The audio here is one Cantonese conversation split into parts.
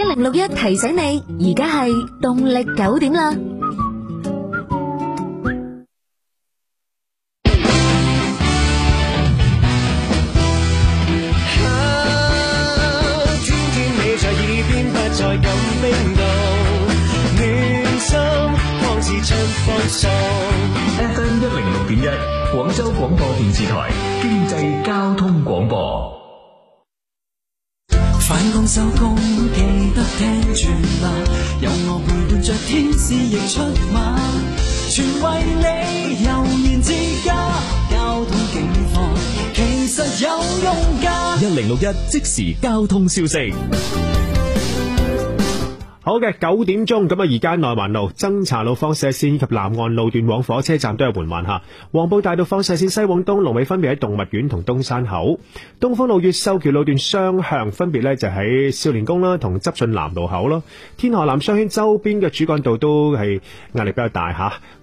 一零六一提醒你，而家係動力九點啦。天天你在耳邊，不再咁冰凍，暖心仿似出豐收。FM 一零六點一，廣州廣播電視台經濟交通廣播。反攻收工。有我陪伴着天使，亦出馬，全為你悠然之家。交通警方其實有用㗎。一零六一即時交通消息。好嘅，九點鐘咁啊，而家內環路、增槎路放射線及南岸路段往火車站都係緩慢下。黃埔大道放射線西往東路尾分別喺動物園同東山口。東風路越秀橋路段雙向分別咧就喺少年宮啦同執信南路口囉。天河南商圈周邊嘅主幹道都係壓力比較大下。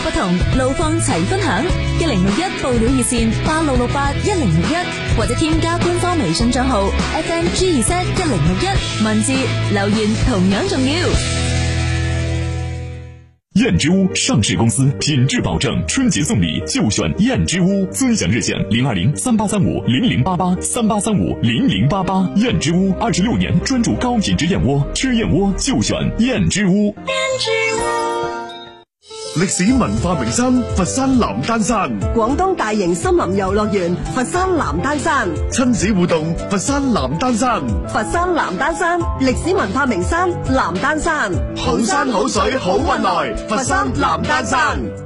不同路況齊分享，一零六一報料熱線八六六八一零六一，或者添加官方微信賬號 F M G 二七一零六一，文字留言同樣重要。燕之屋上市公司，品質保證，春節送禮就選燕之屋。尊享熱線零二零三八三五零零八八三八三五零零八八。燕之屋二十六年專注高品質燕窩，吃燕窩就選燕之屋燕之屋。歷史文化名山佛山南丹山，廣東大型森林遊樂園佛山南丹山，親子互動佛山南丹山，佛山南丹山歷史文化名山南丹山，好山好水好運來，佛山南丹山。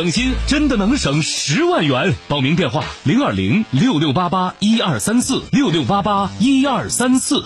省心，真的能省十萬元。報名電話：零二零六六八八一二三四六六八八一二三四。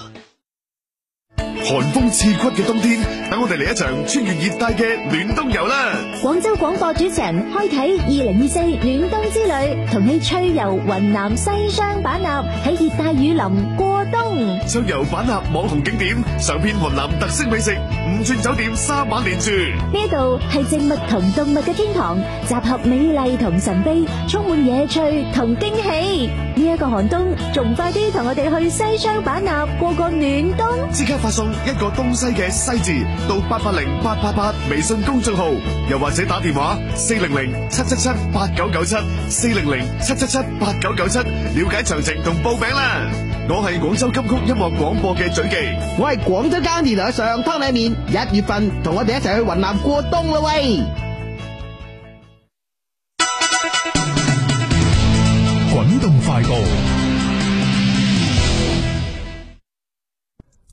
寒風刺骨嘅冬天，等我哋嚟一場穿越熱帶嘅暖冬遊啦！廣州廣播主持人開啟二零二四暖冬之旅，同你趣遊雲南西雙版納，喺熱帶雨林過冬，暢遊版納網紅景點，嘗遍雲南特色美食，五鑽酒店三晚連住。呢度係植物同動物嘅天堂，集合美麗同神秘，充滿野趣同驚喜。呢、這、一個寒冬，仲快啲同我哋去西雙版納過個暖冬！即刻發送。一個東西嘅西字，到八八零八八八微信公眾號，又或者打電話四零零七七七八九九七，四零零七七七八九九七了解詳情同報名啦。我係廣州金曲音樂廣播嘅嘴記，我係廣州間電台上湯拉麵，一月份同我哋一齊去雲南過冬啦喂。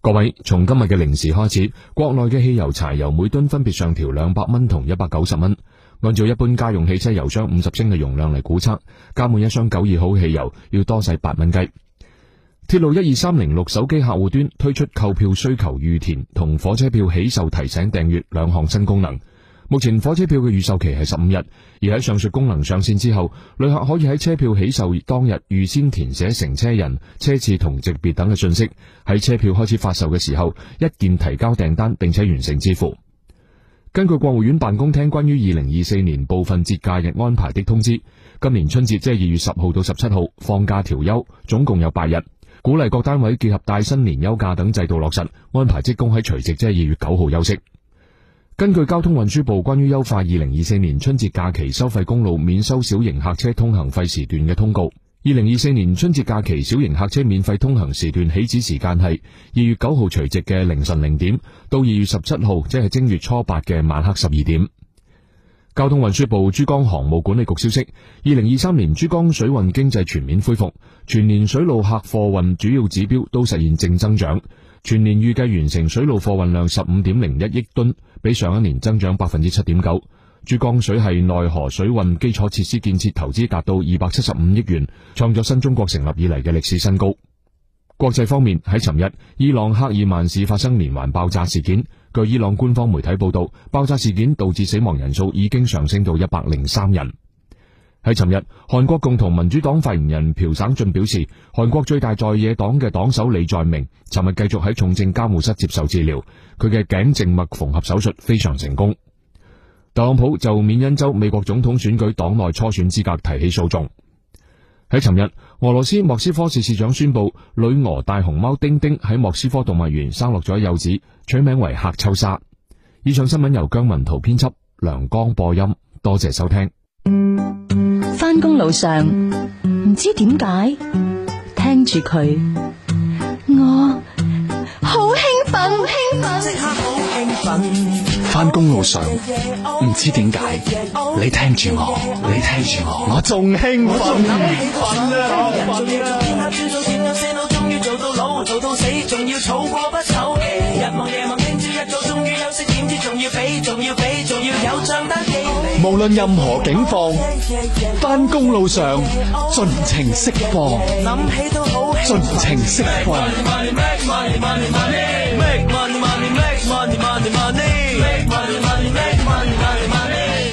各位，從今日嘅零時開始，國內嘅汽油、柴油每噸分別上調兩百蚊同一百九十蚊。按照一般家用汽車油箱五十升嘅容量嚟估測，加滿一箱九二號汽油要多使八蚊雞。鐵路一二三零六手機客戶端推出購票需求預填同火車票起售提醒訂閱兩項新功能。目前火車票嘅預售期係十五日，而喺上述功能上線之後，旅客可以喺車票起售當日預先填寫乘車人、車次同席別等嘅信息，喺車票開始發售嘅時候一鍵提交訂單，並且完成支付。根據國務院辦公廳關於二零二四年部分節假日安排的通知，今年春節即係二月十號到十七號放假調休，總共有八日，鼓勵各單位結合帶薪年休假等制度落實，安排職工喺除夕即係二月九號休息。根據交通運輸部關於優化二零二四年春節假期收費公路免收小型客車通行費時段嘅通告，二零二四年春節假期小型客車免費通行時段起止時間係二月九號除夕嘅凌晨零點到二月十七號，即係正月初八嘅晚黑十二點。交通運輸部珠江航務管理局消息，二零二三年珠江水運經濟全面恢復，全年水路客貨運主要指標都實現正增長。全年預計完成水路貨運量十五點零一億噸，比上一年增長百分之七點九。珠江水系內河水運基礎設施建設投資達到二百七十五億元，創作新中國成立以來嘅歷史新高。國際方面，喺尋日，伊朗克爾曼市發生連環爆炸事件，據伊朗官方媒體報道，爆炸事件導致死亡人數已經上升到一百零三人。喺尋日，韓國共同民主黨發言人朴省俊表示，韓國最大在野黨嘅黨首李在明尋日繼續喺重症監護室接受治療，佢嘅頸靜脈縫合手術非常成功。特朗普就緬因州美國總統選舉黨內初選資格提起訴訟。喺尋日，俄羅斯莫斯科市市長宣布，女俄大熊貓丁丁喺莫斯科動物園生落咗幼子，取名為客秋莎。以上新聞由姜文圖編輯，梁江播音，多謝收聽。返工路上，唔知點解，聽住佢，我好興奮，興奮，即刻好興奮。返工路上，唔知點解，你聽住我，你聽住我，我仲興奮。我無論任何境況，返工路上盡情釋放，諗起都好，盡情釋放。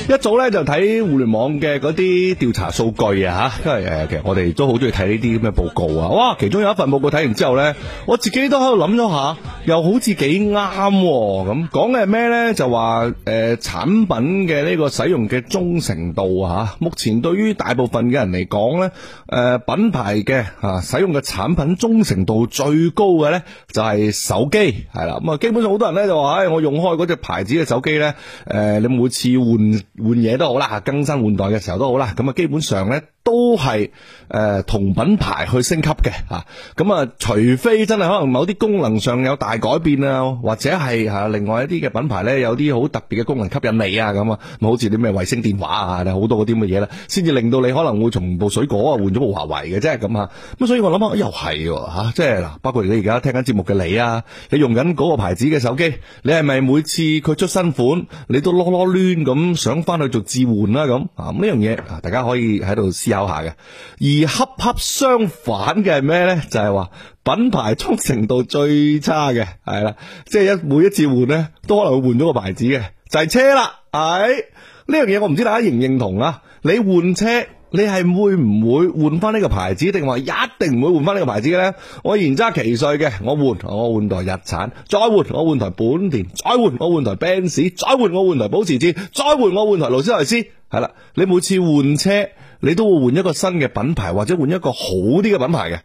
一早咧就睇互聯網嘅嗰啲調查數據啊，吓，因為誒其實我哋都好中意睇呢啲咁嘅報告啊。哇，其中有一份報告睇完之後咧，我自己都喺度諗咗下，又好似幾啱咁。講嘅係咩咧？就話誒、呃、產品嘅呢個使用嘅忠誠度啊，目前對於大部分嘅人嚟講咧。誒，品牌嘅啊，使用嘅產品忠誠度最高嘅咧，就係、是、手機係啦。咁啊，基本上好多人咧就話：唉、哎，我用開嗰隻牌子嘅手機咧，誒、呃，你每次換換嘢都好啦，更新換代嘅時候都好啦，咁啊，基本上咧。都係誒同品牌去升級嘅吓，咁啊除非真係可能某啲功能上有大改變啊，或者係吓、啊、另外一啲嘅品牌咧，有啲好特別嘅功能吸引你啊，咁啊，好似啲咩衛星電話啊，好、啊、多嗰啲咁嘅嘢咧，先至令到你可能會從部水果啊換咗部華為嘅啫，咁啊，咁所以我諗啊又係吓、啊，即係嗱，包括你而家聽緊節目嘅你啊，你用緊嗰個牌子嘅手機，你係咪每次佢出新款，你都囉囉攣咁想翻去做置換啦咁啊？呢、啊啊、樣嘢啊，大家可以喺度試下。手下嘅，而恰恰相反嘅係咩呢？就係、是、話品牌忠誠度最差嘅係啦，即係一每一次換呢，都可能會換咗個牌子嘅，就係、是、車啦。喺呢樣嘢，這個，我唔知大家認唔認同啊？你換車，你係會唔會換翻呢個牌子，定話一定唔會換翻呢個牌子嘅呢？我而家揸奇瑞嘅，我換我換台日產，再換我換台本田，再換我換台 Benz，再換我換台保時捷，再換我換台勞斯萊斯，係啦，你每次換車。你都會換一個新嘅品牌，或者換一個好啲嘅品牌嘅，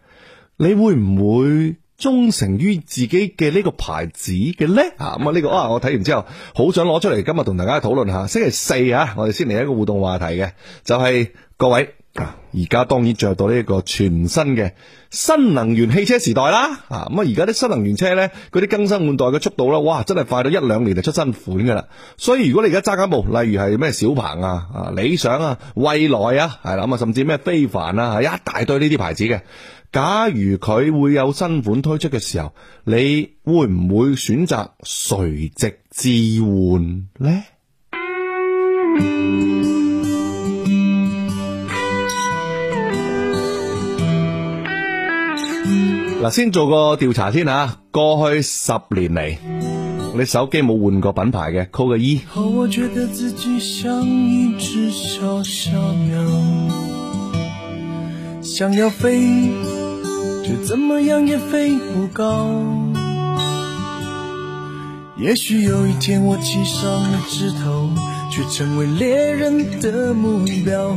你會唔會忠誠於自己嘅呢個牌子嘅呢？啊，咁啊呢個啊，我睇完之後好想攞出嚟，今日同大家討論下。星期四啊，我哋先嚟一個互動話題嘅，就係各位。而家當然著到呢一個全新嘅新能源汽車時代啦，咁啊而家啲新能源車呢，佢啲更新換代嘅速度啦，哇真係快到一兩年就出新款噶啦。所以如果你而家揸緊部，例如係咩小鵬啊、啊理想啊、蔚來啊，係啦咁啊，甚至咩非凡啊，係一大堆呢啲牌子嘅。假如佢會有新款推出嘅時候，你會唔會選擇垂直置換呢？嗯先做個調查先啊，過去十年嚟你手機冇換過品牌嘅扣個一、e oh, 我覺得自己像一隻小小鳥，想要飛卻怎麼樣也飛不高，也許有一天我棲上了枝頭，卻成為獵人的目標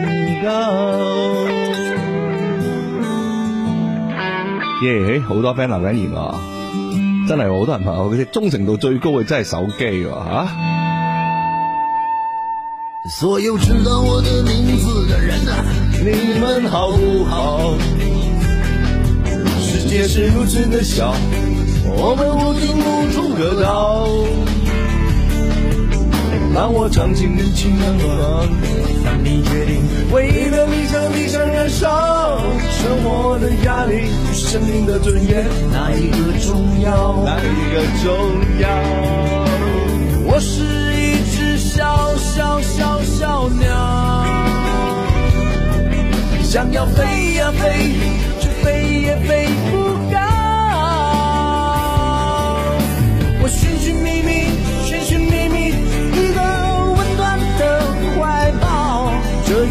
耶，好、yeah, 多靚男靚兒啊！真係好多人朋友，佢哋忠誠度最高嘅真係手機喎、啊！所有知道我嘅名字嘅人啊，你們好不好？世界是如此的小，我們無定，無處可逃。當我嘗盡人情冷暖，讓你決定。為了理想，理想燃燒。生活的壓力，與生命的尊嚴，哪一個重要？哪一個重要？我是一隻小小小小小鳥，想要飛呀飛，卻飛也飛不。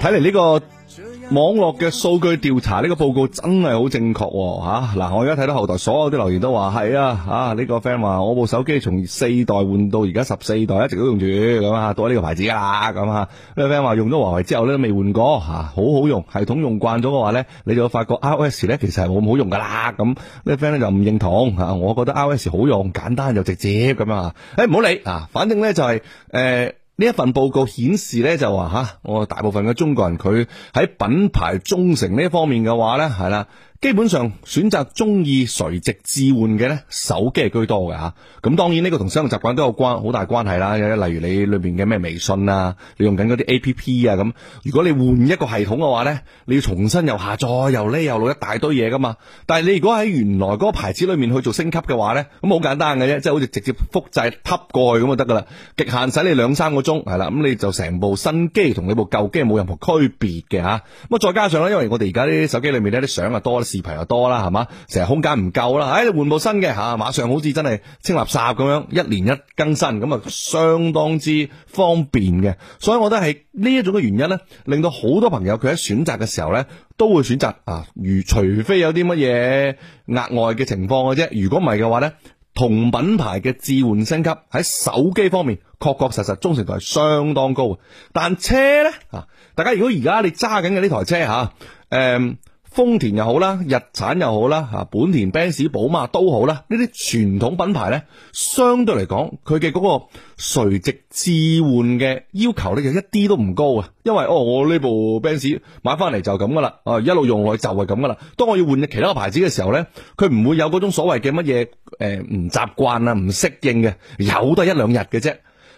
睇嚟呢個網絡嘅數據調查呢個報告真係好正確吓嗱，我而家睇到後台所有啲留言都話係啊，啊呢、呢個 friend 話我部手機從四代換到而家十四代，一直都用住咁啊，到呢個牌子啦咁啊。呢、呢個 friend 話用咗華為之後咧，都未換過吓，好好用，系統用慣咗嘅話咧，你就會發覺 iOS 咧其實係冇咁好用噶啦咁。呢、呢個 friend 咧就唔認同吓、啊，我覺得 iOS 好用，簡單又直接咁啊。誒唔好理啊，反正咧就係、是、誒。欸呢一份報告顯示咧，就話吓我大部分嘅中國人佢喺品牌忠誠呢一方面嘅話咧，係啦。基本上選擇中意垂直置換嘅咧，手機係居多嘅吓。咁、啊、當然呢個同使用習慣都有關，好大關係啦。例如你裏邊嘅咩微信啊，你用緊嗰啲 A P P 啊咁。如果你換一個系統嘅話咧，你要重新又下載又咧又錄一大堆嘢噶嘛。但係你如果喺原來嗰個牌子裏面去做升級嘅話咧，咁好簡單嘅啫，即、就、係、是、好似直接複製吸過去咁就得噶啦。極限使你兩三個鐘，係啦，咁你就成部新機同你部舊機係冇任何區別嘅吓。咁、啊、再加上咧，因為我哋而家啲手機裏面咧啲相啊多。視頻又多啦，係嘛？成日空間唔夠啦，哎，換部新嘅吓，馬上好似真係清垃圾咁樣，一年一更新，咁啊相當之方便嘅。所以我覺得係呢一種嘅原因呢，令到好多朋友佢喺選擇嘅時候呢，都會選擇啊，如除非有啲乜嘢額外嘅情況嘅啫。如果唔係嘅話呢，同品牌嘅置換升級喺手機方面，確確實實忠誠度係相當高。但車呢，吓、啊，大家如果而家你揸緊嘅呢台車吓，誒、啊。嗯豐田又好啦，日產又好啦。吓本田、Benz 寶馬都好啦，呢啲傳統品牌咧，相對嚟講，佢嘅嗰個垂直置換嘅要求咧，就一啲都唔高啊，因為哦，我呢部 Benz 買翻嚟就咁噶啦，啊一路用落去就係咁噶啦，當我要換其他牌子嘅時候咧，佢唔會有嗰種所謂嘅乜嘢誒唔習慣啊，唔適應嘅，有得一兩日嘅啫，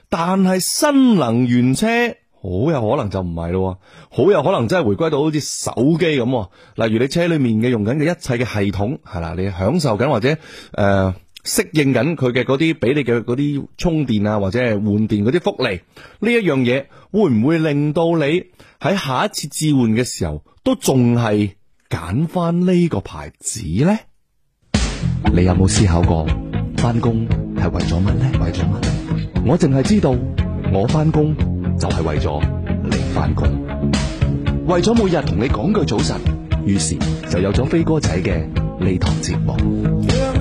但係新能源車。好有可能就唔係咯，好有可能真係回歸到好似手機咁，例如你車裏面嘅用緊嘅一切嘅系統，係啦，你享受緊或者誒適應緊佢嘅嗰啲俾你嘅嗰啲充電啊或者係換電嗰啲福利，呢一樣嘢會唔會令到你喺下一次置換嘅時候都仲係揀翻呢個牌子咧？你有冇思考過翻工係為咗乜咧？為咗乜？我淨係知道我翻工。就係為咗嚟返工，為咗每日同你講句早晨，於是就有咗飛哥仔嘅呢堂節目。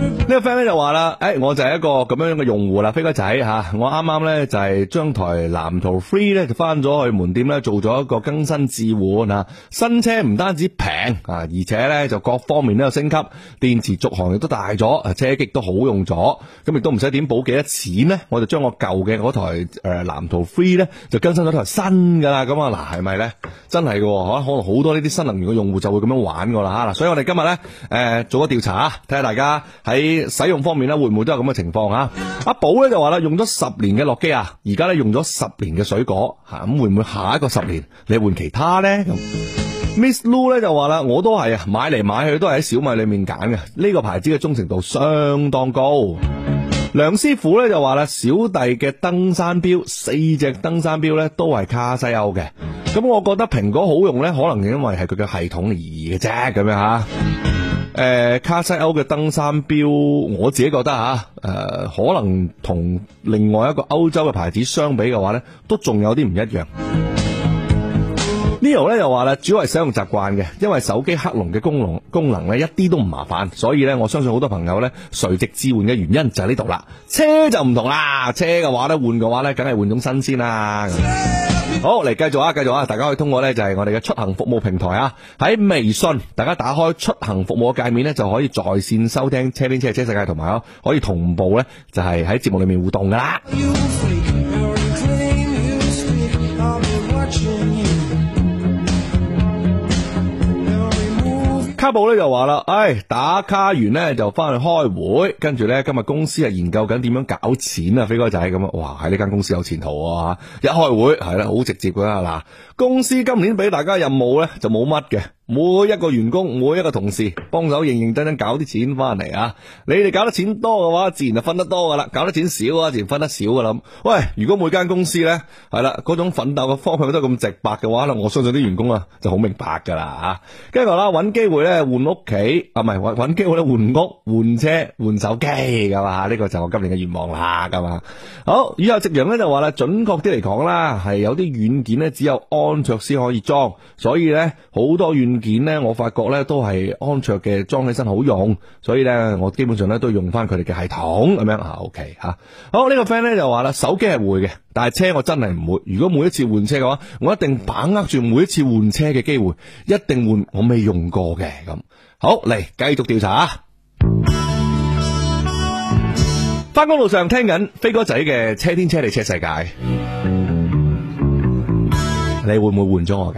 呢個 friend 咧就話啦，誒、欸，我就係一個咁樣嘅用戶啦，飛哥仔吓、啊,我啱啱咧就係、是、將台藍圖 free 咧就翻咗去門店咧做咗一個更新置換、啊,新車唔單止平啊，而且咧就各方面都有升級，電池續航亦都大咗，車機都好用咗，咁亦都唔使點補幾多錢呢，我就將我舊嘅嗰台誒、呃、藍圖 free 咧就更新咗台新噶啦。咁啊嗱，係咪咧真係㗎喎，可能好多呢啲新能源嘅用戶就會咁樣玩噶啦吓嗱，所以我哋今日咧誒做個調查睇下大家你使用方面咧，會唔會都有咁嘅情況啊？阿寶咧就話啦，用咗十年嘅諾基亞，而家咧用咗十年嘅水果，吓咁會唔會下一個十年你換其他呢？Miss、嗯、Lou 咧就話啦，我都係啊，買嚟買去都係喺小米裏面揀嘅，呢個牌子嘅忠誠度相當高。梁師傅咧就話啦，小弟嘅登山錶四隻登山錶咧都係卡西歐嘅，咁我覺得蘋果好用咧，可能因為係佢嘅系統而嘅啫，咁樣吓。誒、呃，卡西歐嘅登山表我自己覺得吓，誒、啊呃，可能同另外一個歐洲嘅牌子相比嘅話呢都仲有啲唔一樣。Leo 咧又話咧，主要係使用習慣嘅，因為手機克隆嘅功能功能呢一啲都唔麻煩，所以呢我相信好多朋友呢垂直置換嘅原因就喺呢度啦。車就唔同啦，車嘅話呢換嘅話呢梗係換種新鮮啦。好，嚟繼續啊，繼續啊！大家可以通過呢，就係我哋嘅出行服務平台啊，喺微信，大家打開出行服務嘅界面呢，就可以在線收聽車天車地車世界同埋可以同步呢，就係喺節目裏面互動噶啦。卡布咧就話啦，哎，打卡完咧就翻去開會，跟住咧今日公司啊研究緊點樣搞錢啊，飛哥仔咁啊，哇，喺呢間公司有前途啊，一開會係啦，好直接噶啦，嗱，公司今年俾大家任務咧就冇乜嘅。每一個員工，每一個同事幫手認認真真搞啲錢翻嚟啊！你哋搞得錢多嘅話，自然就分得多噶啦；搞得錢少啊，自然分得少噶啦。喂，如果每間公司咧係啦，嗰種奮鬥嘅方向都咁直白嘅話，咧我相信啲員工啊就好明白噶啦吓。跟住啦，搵機會咧換屋企，啊唔係搵搵機會咧換屋、換車、換手機噶嘛？呢個就我今年嘅願望啦，噶嘛。好，以後夕陽咧就話啦，準確啲嚟講啦，係有啲軟件咧只有安卓先可以裝，所以咧好多軟。件咧，我發覺咧都係安卓嘅，裝起身好用，所以咧我基本上咧都用翻佢哋嘅系統咁樣啊。O K 吓，好、這個、呢個 friend 咧就話啦，手機係會嘅，但係車我真係唔會。如果每一次換車嘅話，我一定把握住每一次換車嘅機會，一定換我未用過嘅。咁好嚟，繼續調查啊！翻工路上聽緊飛哥仔嘅《車天車地車世界》，你會唔會換咗我㗎？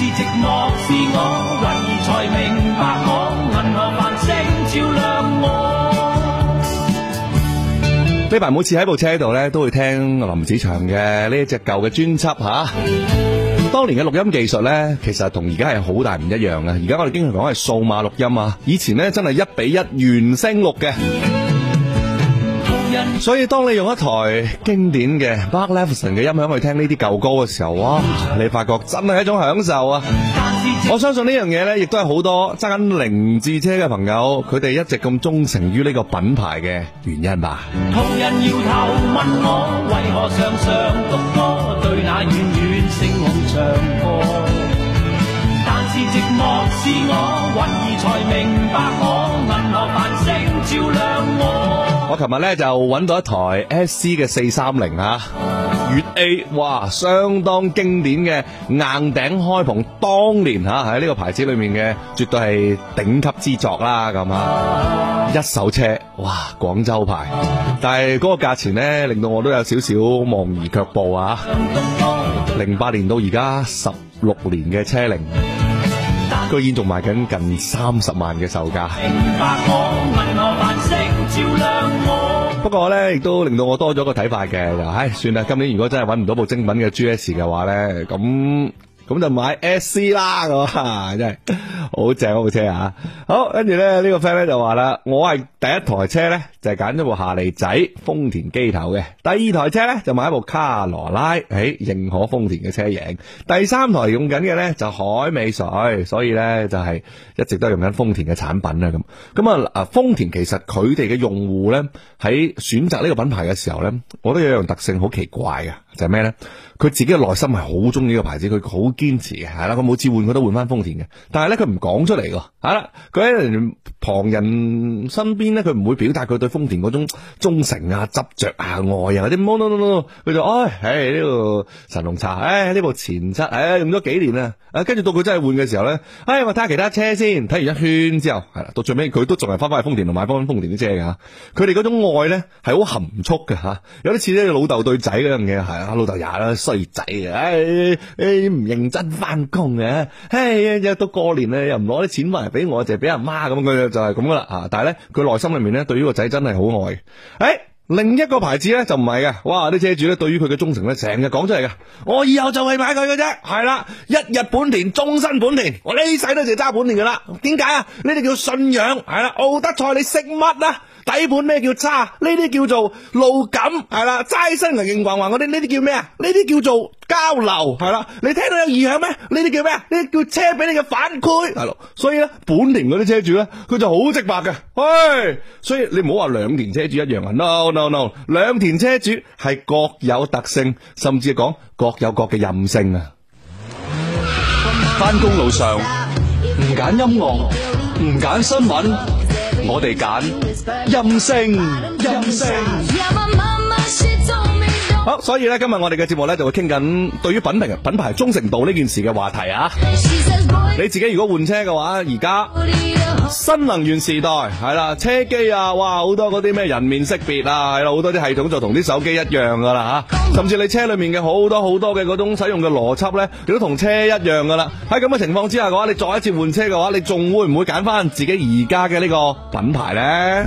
是我才明白繁星照亮我，呢排，每次喺部車度咧，都會聽林子祥嘅呢一隻舊嘅專輯吓。當年嘅錄音技術咧，其實同而家係好大唔一樣嘅。而家我哋經常講係數碼錄音啊，以前咧真係一比一原聲錄嘅。所以當你用一台經典嘅 Mark Levinson 嘅音響去聽呢啲舊歌嘅時候哇，你發覺真係一種享受啊！是我相信呢樣嘢呢，亦都係好多揸緊凌志車嘅朋友，佢哋一直咁忠誠於呢個品牌嘅原因吧。我琴日咧就揾到一台 S C 嘅四三零吓，粵 A，哇，相當經典嘅硬頂開篷，當年吓喺呢個牌子裏面嘅絕對係頂級之作啦，咁啊，一手車，哇，廣州牌，但係嗰個價錢呢，令到我都有少少望而卻步啊，零八年到而家十六年嘅車齡，居然仲賣緊近三十萬嘅售價。照亮我。不過咧，亦都令到我多咗個睇法嘅，就唉，算啦，今年如果真係揾唔到部精品嘅 GS 嘅話咧，咁。咁就買 S C 啦，咁真係好正嗰部車啊！好，跟住咧呢、這個 friend 咧就話啦，我係第一台車咧就揀、是、咗部夏利仔，豐田機頭嘅；第二台車咧就買一部卡羅拉，誒、哎、認可豐田嘅車型；第三台用緊嘅咧就海美水，所以咧就係、是、一直都用緊豐田嘅產品啦。咁咁啊啊豐田其實佢哋嘅用戶咧喺選擇呢個品牌嘅時候咧，我覺得有一樣特性好奇怪啊。就係咩咧？佢自己嘅內心係好中意呢個牌子，佢好堅持嘅，係啦，佢每次換佢都換翻豐田嘅。但係咧，佢唔講出嚟噶，係啦，佢喺旁人身邊咧，佢唔會表達佢對豐田嗰種忠誠啊、執着啊、愛啊嗰啲。no no 佢就唉，呢、嗯嗯嗯嗯嗯嗯哎這個神龍茶，唉、哎、呢部前車，唉、哎、用咗幾年啊，啊跟住到佢真係換嘅時候咧，唉、哎、我睇下其他車先，睇完一圈之後，係啦，到最尾佢都仲係翻翻去豐田度買翻豐田啲車噶。吓、啊，佢哋嗰種愛咧係好含蓄嘅吓、啊，有啲似咧老豆對仔嗰樣嘢係。阿老豆也啦，衰仔啊，唉，唔、哎哎、認真翻工嘅。唉、哎，一到過年咧，又唔攞啲錢翻嚟俾我，就係俾阿媽咁樣，佢就係咁噶啦，吓、啊！但係咧，佢內心裏面咧，對於個仔真係好愛嘅，哎另一個牌子咧就唔係嘅，哇！啲車主咧對於佢嘅忠誠咧成日講出嚟嘅，我以後就係買佢嘅啫。係啦，一日本田，終身本田，我呢世都淨係揸本田噶啦。點解啊？呢啲叫信仰。係啦，奧德賽你食乜啊？底盤咩叫差？呢啲叫做路感。係啦，齋身人硬橫話嗰啲，呢啲叫咩啊？呢啲叫做交流。係啦，你聽到有異響咩？呢啲叫咩啊？呢啲叫車俾你嘅反饋。係咯，所以咧本田嗰啲車主咧，佢就好直白嘅。喂，所以你唔好話兩田車主一樣暈啦。no no，兩田車主係各有特性，甚至講各有各嘅任性啊！翻工路上唔揀音樂，唔揀新聞，我哋揀任性，任性。好，所以咧今日我哋嘅節目咧就會傾緊對於品牌品牌忠誠度呢件事嘅話題啊！你自己如果換車嘅話，而家新能源時代係啦，車機啊，哇好多嗰啲咩人面識別啊，係啦好多啲系統就同啲手機一樣噶啦吓，甚至你車裏面嘅好多好多嘅嗰種使用嘅邏輯咧，亦都同車一樣噶啦。喺咁嘅情況之下嘅話，你再一次換車嘅話，你仲會唔會揀翻自己而家嘅呢個品牌咧？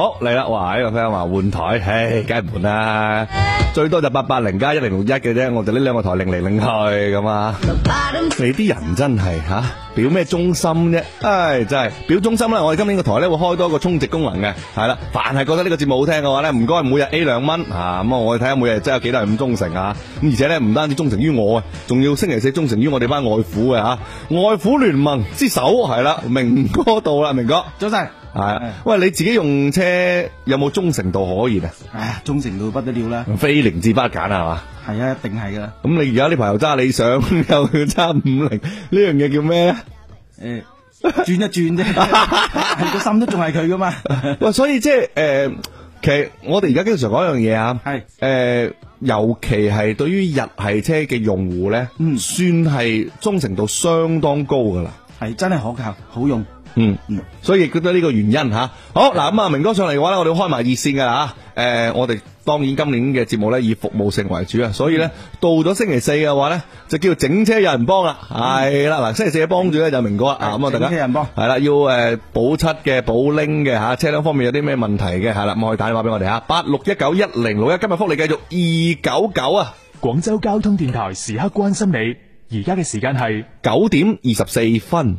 好嚟啦，哇！呢個 friend 話換台，嘿梗係唔換啦，最多就八八零加一零六一嘅啫，我哋呢兩個台擰嚟擰去咁 The bottom. 啊！你啲人真係吓，表咩忠心啫？唉、哎，真係表忠心啦！我哋今年個台咧會開多一個充值功能嘅，係啦，凡係覺得呢個節目好聽嘅話咧，唔該每日 A 兩蚊吓，咁我哋睇下每日真有幾多人咁忠誠啊！咁而且咧唔單止忠誠於我，仲要星期四忠誠於我哋班外父啊。吓，外父聯盟之首係啦，明哥到啦，明哥早晨。係，啊啊、喂，你自己用車有冇忠誠度可言啊？唉、哎，忠誠度不得了啦，非零至不揀係嘛？係啊，一定係噶啦。咁你而家啲朋友揸理想，又要揸五菱，呢樣嘢叫咩咧？誒，轉一轉啫，個 心都仲係佢噶嘛？ 喂，所以即係誒，其實我哋而家經常講一樣嘢啊，係誒、呃，尤其係對於日系車嘅用戶咧，嗯，算係忠誠度相當高噶啦，係真係可靠，好用。嗯，所以覺得呢個原因吓，好嗱咁啊，明哥上嚟嘅話咧，我哋開埋熱線嘅吓。誒，我哋當然今年嘅節目咧以服務性為主啊，所以咧到咗星期四嘅話咧就叫整車有人幫啦，係啦嗱，星期四嘅幫主咧就明哥啊，咁啊大家係啦，要誒補漆嘅、補拎嘅吓，車輛方面有啲咩問題嘅係啦，咁可以打電話俾我哋吓，八六一九一零六一，今日福利繼續二九九啊，廣州交通電台時刻關心你，而家嘅時間係九點二十四分。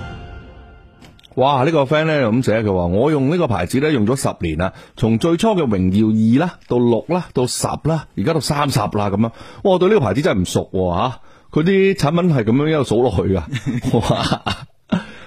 哇！呢個 friend 咧，咁寫，佢話我用呢個牌子咧用咗十年啦，從最初嘅榮耀二啦，到六啦，到十啦，而家到三十啦咁樣！哇，我對呢個牌子真係唔熟吓、啊，佢啲產品係咁樣一路數落去噶。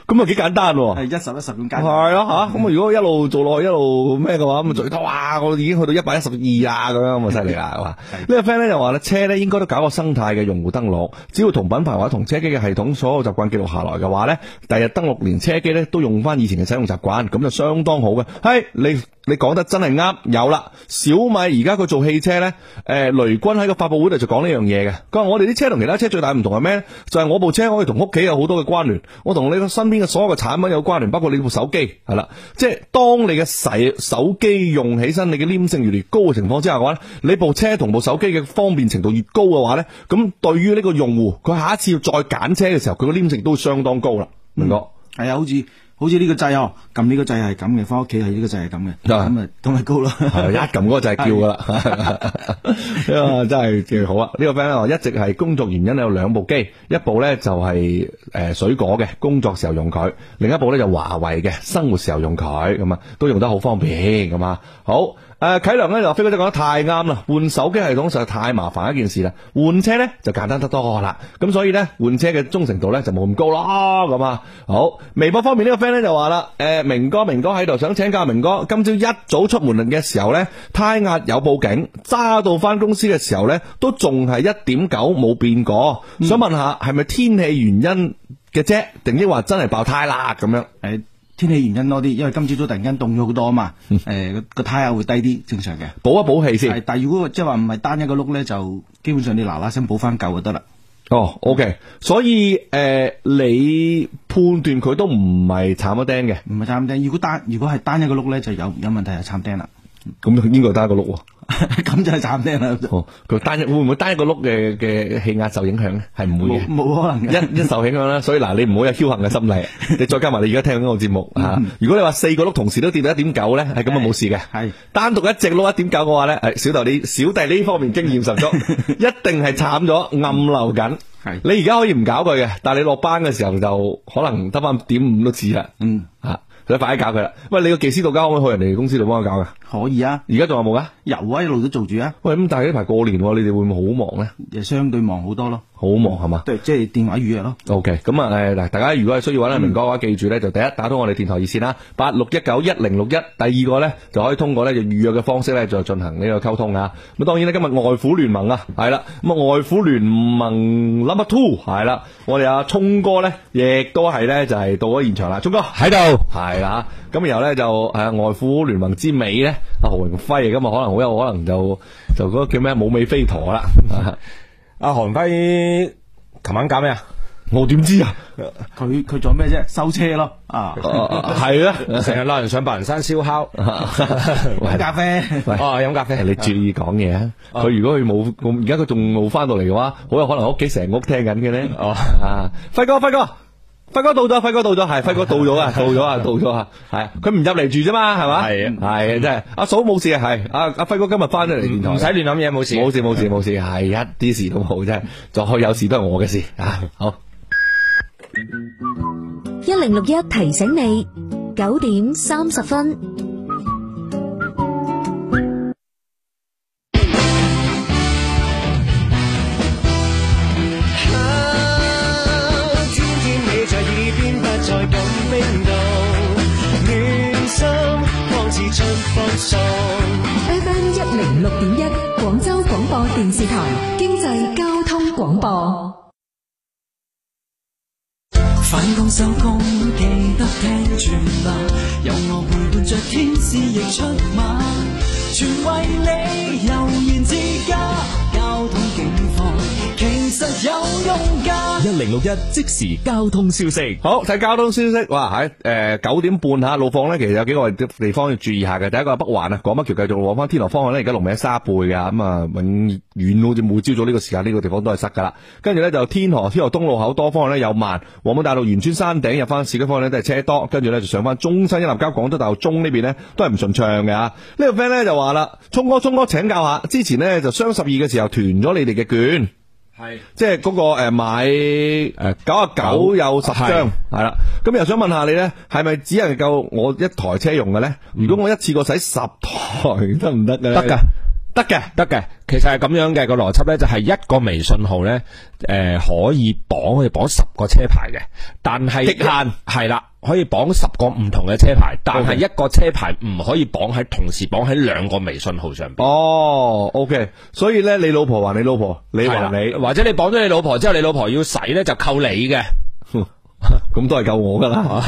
咁啊，幾簡單喎！係一十一十咁簡單，係咯吓，咁啊，如果一路做落去一路咩嘅話咁啊、嗯、最多哇，我已經去到一百一十二啊咁樣，咁啊犀利啦係嘛！呢個 friend 咧就話咧，車咧應該都搞個生態嘅用戶登錄，只要同品牌或者同車機嘅系統所有習慣記錄下來嘅話咧，第日登錄連車機咧都用翻以前嘅使用習慣，咁就相當好嘅。係、hey, 你你講得真係啱，有啦，小米而家佢做汽車咧，誒雷軍喺個發佈會度就講呢樣嘢嘅，佢話我哋啲車同其他車最大唔同係咩？就係、是、我部車可以同屋企有好多嘅關聯，我同你個新。邊個所有嘅產品有關聯，包括你部手機係啦，即係當你嘅使手機用起身，你嘅黏性越嚟越高嘅情況之下嘅話咧，你部車同部手機嘅方便程度越高嘅話咧，咁對於呢個用戶，佢下一次要再揀車嘅時候，佢嘅黏性都會相當高啦，嗯、明哥，明？係啊，好似。好似呢個掣，哦，撳呢個掣係咁嘅，翻屋企係呢個掣係咁嘅，咁啊、嗯，咁咪高咯，一撳嗰個掣叫噶啦，係的哈、嗯，真係好啊！呢、 嗯，這個 friend 一直係工作原因有兩部機，一部咧就係誒水果嘅工作時候用佢，另一部咧就華為嘅生活時候用佢，咁啊都用得好方便，咁、嗯、啊好。誒、啊、啟良呢，就飛哥就講得太啱啦！換手機系統，實在太麻煩一件事啦，換車呢，就簡單得多啦。咁所以呢，換車嘅忠誠度呢，就冇咁高啦。咁啊，好。微博方面呢個 friend 呢，就話啦，誒明哥明哥，喺度想請教明哥，今朝一早出門嘅時候呢，胎壓有報警，揸到返公司嘅時候呢，都仲係一點九冇變過，嗯、想問下係咪天氣原因嘅啫，定抑或真係爆胎啦咁樣？天氣原因多啲，因為今朝早突然間凍咗好多啊嘛，誒，個胎壓會低啲，正常嘅，補一補氣先。係，但係如果即係話唔係單一個轆咧，就基本上你嗱嗱聲補翻舊就得啦。哦、oh,，OK，所以誒、呃、你判斷佢都唔係插咗釘嘅，唔係插釘。如果單如果係單一個轆咧，就有有問題就插釘啦。咁應該單個碌喎？咁就係慘啲啦。哦，佢單，會唔會單一個碌嘅嘅氣壓受影響咧？係唔會嘅，冇可能嘅，一一受影響啦。所以嗱，你唔好有僥幸嘅心理。你再加埋你而家聽緊個節目吓，如果你話四個碌同時都跌到一點九咧，係咁啊冇事嘅。係單獨一隻碌一點九嘅話咧，誒，小弟你小弟呢方面經驗十足，一定係慘咗暗流緊。係你而家可以唔搞佢嘅，但係你落班嘅時候就可能得翻點五都止啦。嗯，吓。你快啲搞佢啦！喂，你個技師到家可唔可以去人哋公司度幫我搞噶？可以啊！而家仲有冇㗎？有，有啊，一路都做住啊！喂，咁但係呢排過年，你哋會唔會好忙咧？亦相對忙好多咯。好忙係嘛？對，即係電話預約咯。OK，咁啊，誒嗱，大家如果係需要話咧，明哥嘅話，記住咧就第一，打通我哋電台熱線啦，八六一九一零六一。第二個咧，就可以通過咧就預約嘅方式咧，就進行呢個溝通啊。咁當然呢，今日外虎聯盟啊，係啦。咁啊，外虎聯盟 Number Two 係啦，我哋阿聰哥咧，亦都係咧就係到咗現場啦。聰哥喺度，係啦。咁然後咧就誒，外虎聯盟之美咧，阿何榮輝今日可能好有可能就就嗰個叫咩冇尾飛陀啦。阿韓輝，琴、啊、晚搞咩啊？我點知啊？佢佢做咩啫？收車咯，啊係啦，成日、 啊、拉人上白雲山燒烤， 咖啡，哦飲、 啊、咖啡。 你注意講嘢，佢、啊、如果佢冇，而家佢仲冇翻到嚟嘅話，好有可能屋企成屋聽緊嘅咧。哦，啊，輝 哥，輝哥。輝哥到咗，輝哥到咗，係輝哥到咗啊，到咗啊，到咗啊，係，佢唔入嚟住啫嘛，係嘛，係啊，係啊，即係，阿嫂冇事啊，係，阿阿輝哥今日翻咗嚟電台，唔使亂諗嘢，冇事，冇事，冇事，冇事，係一啲事都冇，啫，係，仲可有事都係我嘅事啊，好，一零六一提醒你九點三十分。FM 一零六點一，廣州廣播電視台經濟交通廣播。返工收工記得聽全吧，有我陪伴在，天使亦出馬，全為你一零六一即時交通消息，好睇交通消息，哇喺誒九點半吓，路況呢，其實有幾個地方要注意一下嘅。第一個係北環啊，廣北橋繼續往翻天河方向呢，而家龍尾喺沙貝嘅，咁啊永遠好似每朝早呢個時間呢，呢個地方都係塞噶啦。跟住呢，就天河天河東路口多方向呢，有慢，黃埔大道員村山頂入翻市區方向呢，都係車多，跟住呢，就上翻中山一立交廣州大道中呢邊呢，都係唔順暢嘅呢個 friend 呢，就話啦，聰哥聰哥請教下，之前呢，就雙十二嘅時候團咗你哋嘅券。係，是即係嗰個誒買誒九啊九有十張係啦，咁是又想問下你呢，係咪只能夠我一台車用嘅呢？嗯、如果我一次過使十台得唔得嘅，得噶，得嘅，得嘅，其實係咁樣嘅個邏輯呢，就係一個微信號呢，誒可以綁，可以綁十個車牌嘅，但係極限係啦。一可以綁十個唔同嘅車牌，但係一個車牌唔可以綁喺同時綁喺兩個微信號上邊。哦、oh，OK，所以呢，你老婆還你老婆，你還你，或者你綁咗你老婆之後，你老婆要使呢，就扣你嘅。 咁都係靠我噶啦，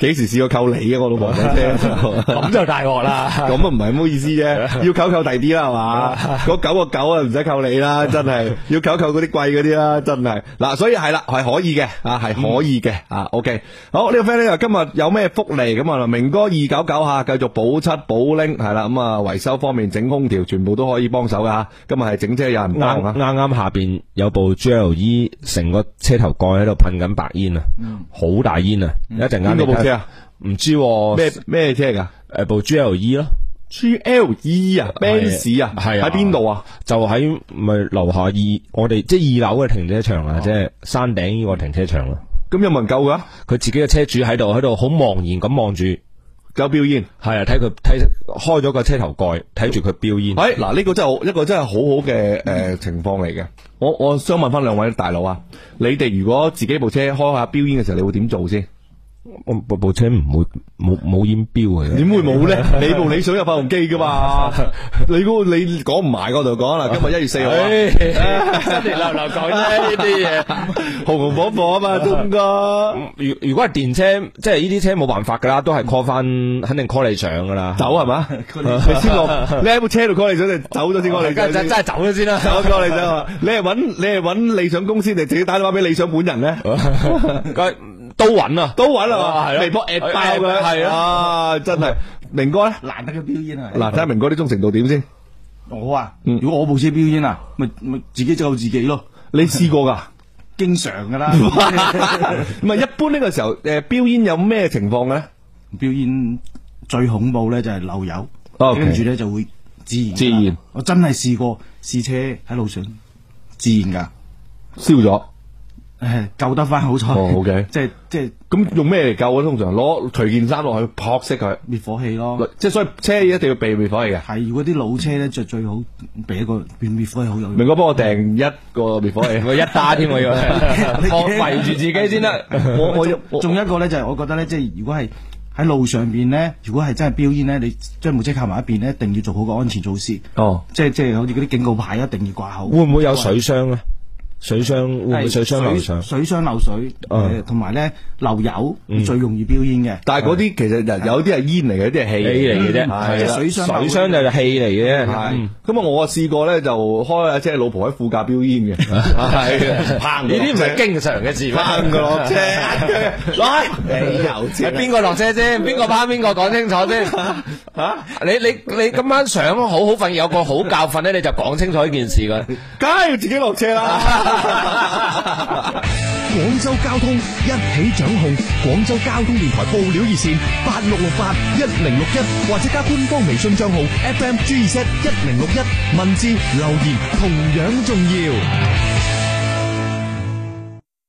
幾時試過靠你嘅？我老婆聽，咁就大鑊啦。咁啊唔係咁好意思啫，要靠靠第啲啦係嘛，嗰九個九啊唔使靠你啦，真係要靠靠嗰啲貴嗰啲啦，真係嗱，所以係啦係可以嘅啊，係可以嘅啊，OK，好，呢個 friend 咧今日有咩福利？咁啊明哥二九九下繼續補漆補拎，係啦，咁啊維修方面整空調全部都可以幫手噶吓，今日係整車有人啱啱下邊有部 GLE 成個車頭蓋喺度噴。咁白煙啊，好大煙啊！一陣間邊部車啊？唔知咩咩車噶、啊？誒，部 G L E 咯，G L E 啊，b a 奔馳啊，係喺邊度啊？啊啊就喺咪樓下二，我哋即係二樓嘅停車場啊，即係、啊、山頂呢個停車場啊。咁有冇人救噶？佢自己嘅車主喺度，喺度好茫然咁望住。有飆煙，係啊，睇佢睇開咗個車頭蓋，睇住佢飆煙。喂，嗱，呢個真係一個真係好好嘅誒情況嚟嘅。我我想問翻兩位大佬啊，你哋如果自己部車開下飆煙嘅時候，你會點做先？我部部車唔會冇冇煙標嘅，點會冇咧？你部理想有發動機噶嘛？你估你講唔埋嗰度講啦，今日一月四號，新年流流講呢啲嘢，紅紅火火啊嘛，都咁噶。如如果係電車，即係呢啲車冇辦法噶啦，都係 call 翻，肯定 call 你上噶啦，走係嘛？你先落，你喺部車度 call 你上，走咗先 call 你。真係走咗先啦，你係係搵你係搵理想公司定直接打電話俾理想本人咧？都穩啊，都穩啦，係啊，微博 at 爆佢，係啊，真係明哥，難得嘅標煙啊，嗱，睇下明哥呢種程度點先。我啊，如果我部車標煙啊，咪咪自己救自己咯。你試過噶？經常噶啦。咁啊，一般呢個時候，誒，標煙有咩情況嘅咧？標煙最恐怖咧就係漏油，跟住咧就會自燃。自燃，我真係試過試車喺路上，自燃噶，燒咗。誒，救得翻好彩。即係即係，咁用咩嚟救啊？通常攞除件衫落去撲熄佢，滅火器咯。即係所以車一定要備滅火器嘅。係，如果啲老車咧，就最好備一個滅火器，好有用。明哥幫我訂一個滅火器，我一打添我要，我圍住自己先啦。我我仲有一個咧，就係我覺得咧，即係如果係喺路上邊咧，如果係真係飆煙咧，你將部車靠埋一邊咧，一定要做好個安全措施。哦。即係即係，好似嗰啲警告牌一定要掛好。會唔會有水箱咧？水箱會唔會水箱漏水？水箱漏水，同埋咧漏油最容易飆煙嘅。但係嗰啲其實有啲係煙嚟嘅，有啲係氣嚟嘅啫。係啦，水箱就係氣嚟嘅。咁啊，我試過咧就開阿姐老婆喺副駕飆煙嘅，係。趴嗰啲唔係經常嘅事，趴嘅落車。來，你又車？係邊個落車先？邊個趴邊個？講清楚先。吓，你你你今晚想好好瞓有個好教訓咧，你就講清楚呢件事噶啦。梗係要自己落車啦。廣 州交通一起掌控，廣州交通電台報料熱線八六六八一零六一，8 8 61，或者加官方微信賬號 FM GZ 一零六一，61，文字留言同樣重要。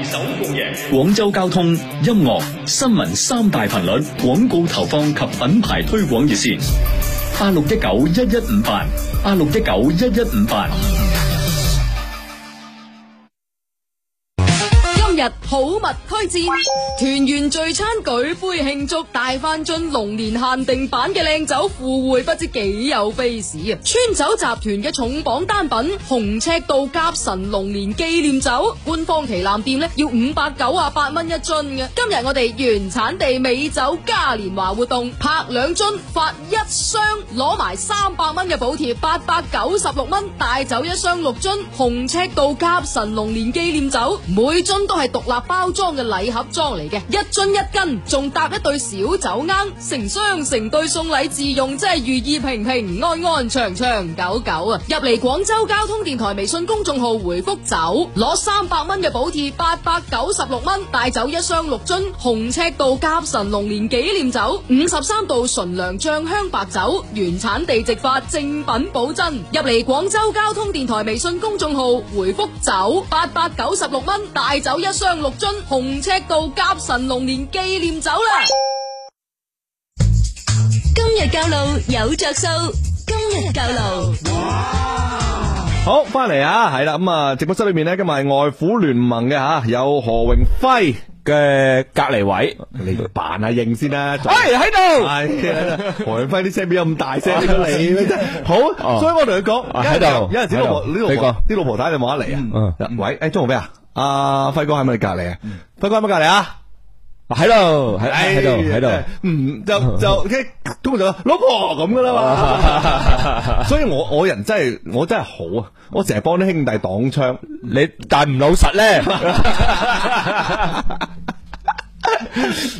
二手共贏，廣州交通音樂新聞三大頻率廣告投放及品牌推廣熱線：八六一九一一五八，八六一九一一五八。今日。好物推薦，團圓聚餐舉杯慶祝，大翻樽龍年限定版嘅靚酒赴會，不知幾有 face 啊！川酒集團嘅重磅單品紅赤道甲神龍年紀念酒，官方旗艦店咧要五百九啊八蚊一樽嘅。今日我哋原產地美酒嘉年華活動，拍兩樽發一箱，攞埋三百蚊嘅補貼，八百九十六蚊帶走一箱六樽紅赤道甲神龍年紀念酒，每樽都係獨立包裝嘅禮盒裝嚟嘅，一樽一斤，仲搭一對小酒盎，成雙成對送禮自用，即係寓意平平安安，長長久久啊！入嚟廣州交通電台微信公眾號回覆酒，攞三百蚊嘅補貼，八百九十六蚊帶走一箱六樽紅赤道甲辰龍年紀念酒，五十三度純糧醬香白酒，原產地直發，正品保真。入嚟廣州交通電台微信公眾號回覆酒，八百九十六蚊帶走一箱六。樽紅赤道甲辰龍年紀念酒啦！今日教路有着數，今日教路好翻嚟啊！係啦，咁啊，直播室裏面咧，今日係外父聯盟嘅吓，有何榮輝嘅隔籬位，你扮下應先啦。哎，喺度，何榮輝啲聲點解咁大聲出嚟嘅啫？好，所以我同佢講，喺度，有陣時老婆呢度啲老婆仔就冇得嚟啊。嗯，喂，哎，中午咩啊？阿輝哥喺唔喺你隔籬啊？輝哥喺唔喺隔籬啊？喺度、啊，喺喺度，喺度、啊，嗯，就就，OK，咁就老婆咁噶啦嘛。啊、 所以我我人真係我真係好啊，我成日幫啲兄弟擋槍，你但係唔老實咧。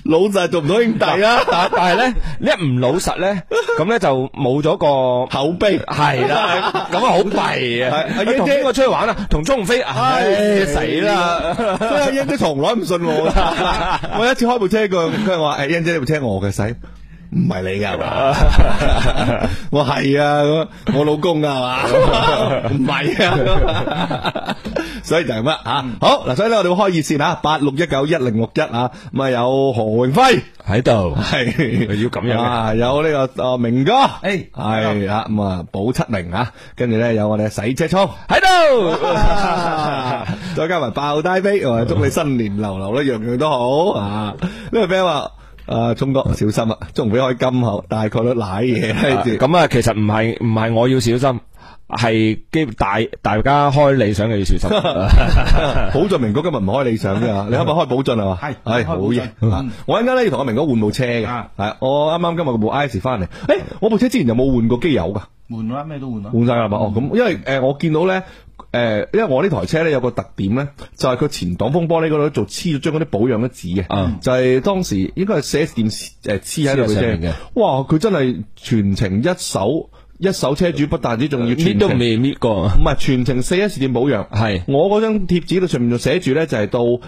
老實係做唔到兄弟啦，但係咧你一唔老實咧，咁咧就冇咗個口碑，係啦，咁啊好弊啊！阿英姐我出去玩啦，同鍾鴻飛，唉死啦！阿英姐從來唔信我，我一次開部車佢，佢話：誒，阿英姐你部車我嘅使，唔係你噶嘛，我係啊，我老公噶係嘛，唔係啊。所以就係乜吓，好嗱，所以咧我哋會開熱線吓，八六一九一零六一啊，咁啊有何永輝喺度，係要咁樣啊，有呢個啊明哥，誒係啊，咁啊保七零啊，跟住咧有我哋洗車倉喺度，再加埋爆低杯，祝你新年流流啦，樣樣都好啊，呢個 friend 話，啊聰哥小心啊，唔俾開金口，大概率瀨嘢，咁啊其實唔係唔係我要小心。係基大，大家開理想嘅，要小心。寶駿明哥今日唔開理想啫，你可唔可以開寶駿係嘛？係係冇嘢。我一陣間咧要同阿明哥換部車嘅，係我啱啱今日部 I S 翻嚟。誒，我部車之前有冇換過機油噶？換啦，咩都換啦。換晒啦嘛？哦，咁因為誒，我見到咧，誒，因為我呢台車咧有個特點咧，就係佢前擋風玻璃嗰度做黐咗，將嗰啲保養嘅紙嘅，就係當時應該係四 S 店誒黐喺度嘅。哇，佢真係全程一手。一手車主不但止，仲要搣都未搣過，唔係全程四 S 店保養？係是我嗰張貼紙上面就寫住咧，就係、是、到誒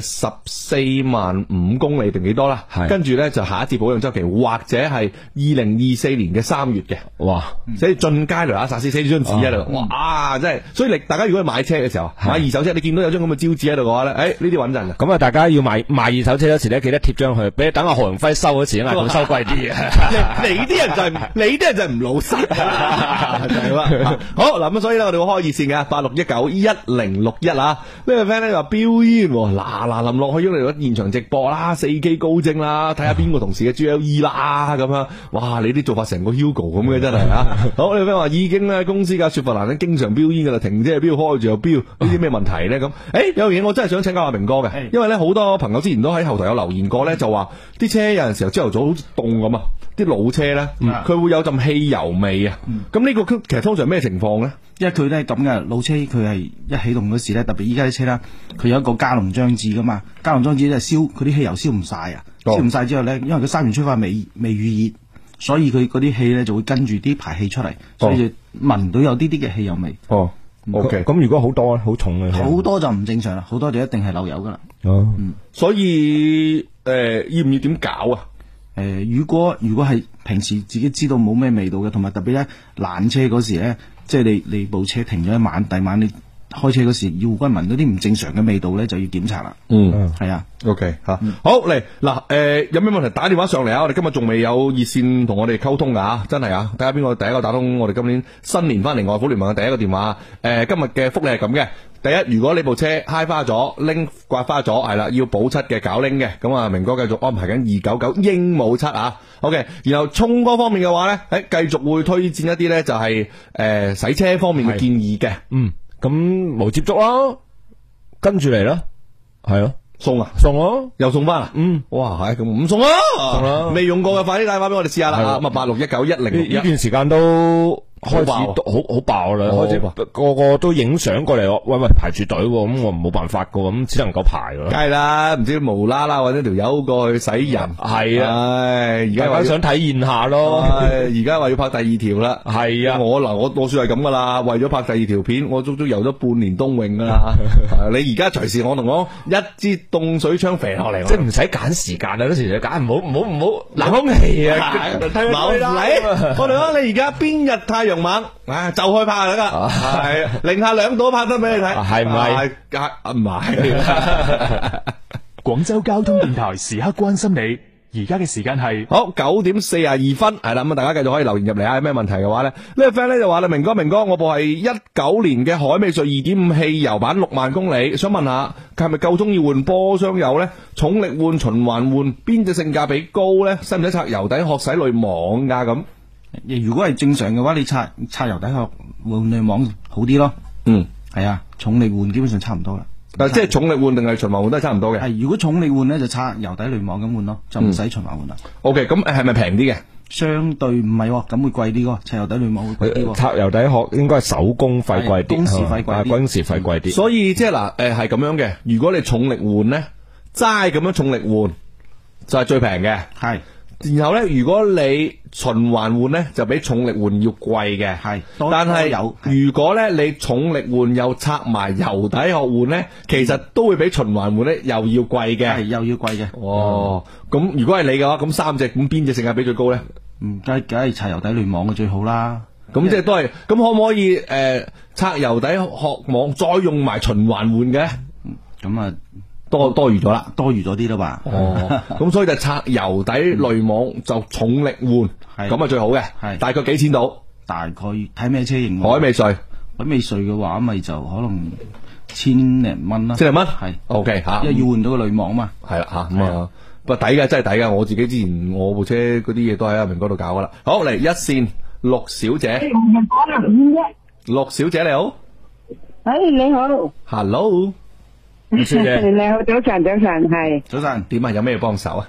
十四萬五公里定幾多啦？跟住咧就下一次保養周期，或者係二零二四年嘅三月嘅。哇！所以進佳來啊薩斯寫張紙喺度，哇！真係，所以你大家如果買車嘅時候買二手車，你見到有張咁嘅招紙喺度嘅話咧，誒呢啲穩陣啊！咁啊，大家要買賣二手車嗰時咧，記得貼張去，俾等阿何榮輝收咗錢啊，哇收貴啲啊！你啲人就係、是、你啲人就唔老實。係啦、 啊，好嗱咁，所以咧我哋會開熱線嘅八六一九一零六一啊。呢個 friend 咧話飆煙，嗱嗱淋落去，咁樣嚟咗現場直播啦，四 K 高精啦，睇下邊個同事嘅 GLE 啦，咁、啊、樣哇，你啲做法成個 Hugo 咁嘅真係啊！好，呢個 friend 話已經咧公司嘅雪佛蘭咧經常飆煙嘅啦，停車飆開住又飆，呢啲咩問題咧？咁、啊、誒、欸，有樣嘢我真係想請教阿明哥嘅，因為咧好多朋友之前都喺後台有留言過咧，就話啲車有陣時候朝頭早好似凍咁啊。啲老車咧，佢、嗯、會有陣汽油味啊！咁呢、嗯、個其實通常咩情況咧、哦？因為佢咧咁嘅老車，佢係一起動嗰時咧，特別依家啲車啦，佢有一個加濃裝置噶嘛，加濃裝置就燒佢啲汽油燒唔晒啊！燒唔晒之後咧，因為佢三元催化未未預熱，所以佢嗰啲氣咧就會跟住啲排氣出嚟，哦、所以就聞到有啲啲嘅汽油味。哦，OK，咁如果好多好重嘅好多就唔正常啦，好多就一定係漏油噶啦。哦，嗯、所以、呃、要唔要點搞啊？誒、呃，如果如果係平時自己知道冇咩味道嘅，同埋特別咧，爛車嗰時咧，即係你你部車停咗一晚，第晚你。開車嗰時，要聞到啲唔正常嘅味道咧，就要檢查啦。嗯，係啊。O K 吓，好嚟嗱，誒，有咩問題打電話上嚟啊？我哋今日仲未有熱線同我哋溝通噶，真係啊！睇下邊個第一個打通我哋今年新年翻嚟外父聯盟嘅第一個電話。誒，今日嘅福利係咁嘅，第一，如果你部車揩花咗、拎刮花咗，係啦，要補漆嘅、搞拎嘅，咁啊，明哥繼續安排緊二九九鸚鵡漆啊。O K，然後沖哥方面嘅話咧，誒，繼續會推薦一啲咧，就係誒洗車方面嘅建議嘅。嗯。咁冇接觸咯，跟住嚟咯，係咯、啊，送啊，送咯、啊，又送翻啦，嗯，哇，係咁唔送咯、啊，未、啊、了用過嘅，快啲打電話俾我哋試下啦，咁的啊八六一九一零呢段時間都。開始好好爆啦，開始個個都影相過嚟，喂，喂，排住隊咁，我冇辦法噶，咁只能夠排噶啦。梗係啦，唔知無啦啦或者條友過去洗人，係啊，而家想體驗下咯，而家話要拍第二條啦，係啊，我嗱我我算係咁噶啦，為咗拍第二條片，我足足游咗半年冬泳噶啦。你而家隨時我同我一支凍水槍飛落嚟，即係唔使揀時間啊，嗰時就揀唔好唔好唔好冷空氣啊，冇嚟，我哋講你而家邊日太陽，猛，唉，就害怕嚟噶，係零下兩度拍得俾你睇，係咪？唔係。廣州交通電台時刻關心你，而家嘅時間係好九點四十二分，係啦，咁大家繼續可以留言入嚟，有咩問題嘅話咧，呢個 friend 咧就話啦，明哥，明哥，我部係一九年嘅凱美瑞二點五汽油版六萬公里，想問下，係咪夠中意換波箱油咧？重力換循環換邊隻性價比高咧？使唔使拆油底殼洗濾網噶咁？如果係正常嘅話，你拆，拆油底殼、換濾網好啲咯。嗯，係啊，重力換基本上差唔多啦。但係即係重力換定係循環換都係差唔多嘅。係、嗯、如果重力換咧，就拆油底濾網咁換咯，就唔使循環換啦。O K，咁誒係咪平啲嘅？Okay, 是不是相對唔係，咁會貴啲嘅。拆油底濾網會貴啲。拆油底殼應該係手工費貴啲，工時費貴啲，工時費貴啲。所以即係嗱，誒係咁樣嘅。如果你重力換咧，齋咁樣重力換就係、是、最平嘅。係。然後咧，如果你循環換咧，就比重力換要貴嘅。係，但係如果咧你重力換又拆埋油底殼換咧，其實都會比循環換咧又要貴嘅。係，又要貴嘅。哦，咁如果係你嘅話，咁三隻咁邊隻性價比最高咧？唔梗梗係拆油底濾網嘅最好啦。咁即係都係。咁可唔可以誒拆油底殼網再用埋循環換嘅？咁啊。多多餘咗啦，多餘咗啲啦嘛。哦，咁所以就拆油底濾網，就重力換，咁啊最好嘅。係，大概幾錢到？大概睇咩車型。海未稅，海未稅嘅話，咪就可能千零蚊啦。千零蚊？係。OK 吓，因為要換到個濾網啊嘛。係啦吓，咁啊，不過抵嘅，真係抵嘅。我自己之前我部車嗰啲嘢都喺阿明嗰度搞噶啦。好嚟，一綫陸小姐。我陸小姐你好。誒，你好。Hello。你好，早晨，早晨係。早晨，點啊？有咩幫手啊？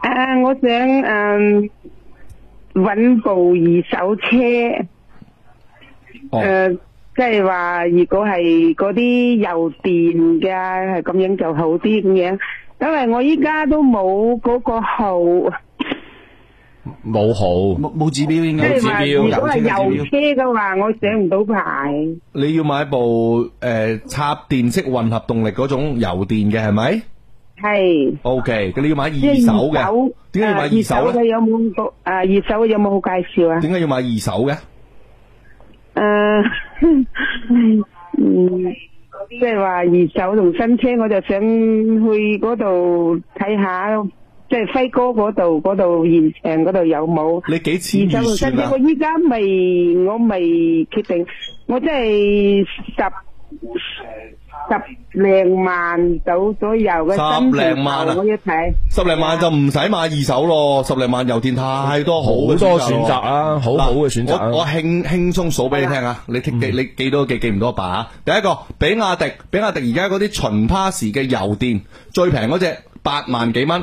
啊，我想嗯搵部二手車，誒，即係話如果係嗰啲油電嘅，係咁樣就好啲咁樣，因為我依家都冇嗰個號。冇好，冇冇指標，即係話如果係油車嘅話，我寫唔到牌。你要買部誒插電式混合動力嗰種油電嘅係咪？係。O K，咁你要買二手嘅？點解要買二手咧？有冇個誒二手有冇好介紹啊？點解要買二手嘅？誒，嗯，即係話二手同新車，我就想去嗰度睇下。即係輝哥嗰度，嗰度現場嗰度有冇？你幾千？二手就我依家未，我未決定。我真係十十零萬到左右嘅。十零萬我睇。一起十零萬就唔使買二手咯，十零萬油電太多好選了好多選擇啊！好好嘅選擇、啊我。我輕輕鬆數俾你聽啊的！你聽你幾多？記不記唔多把？第一個，比亞迪，比亞迪而家嗰啲純趴時嘅油電最平嗰隻八萬幾蚊。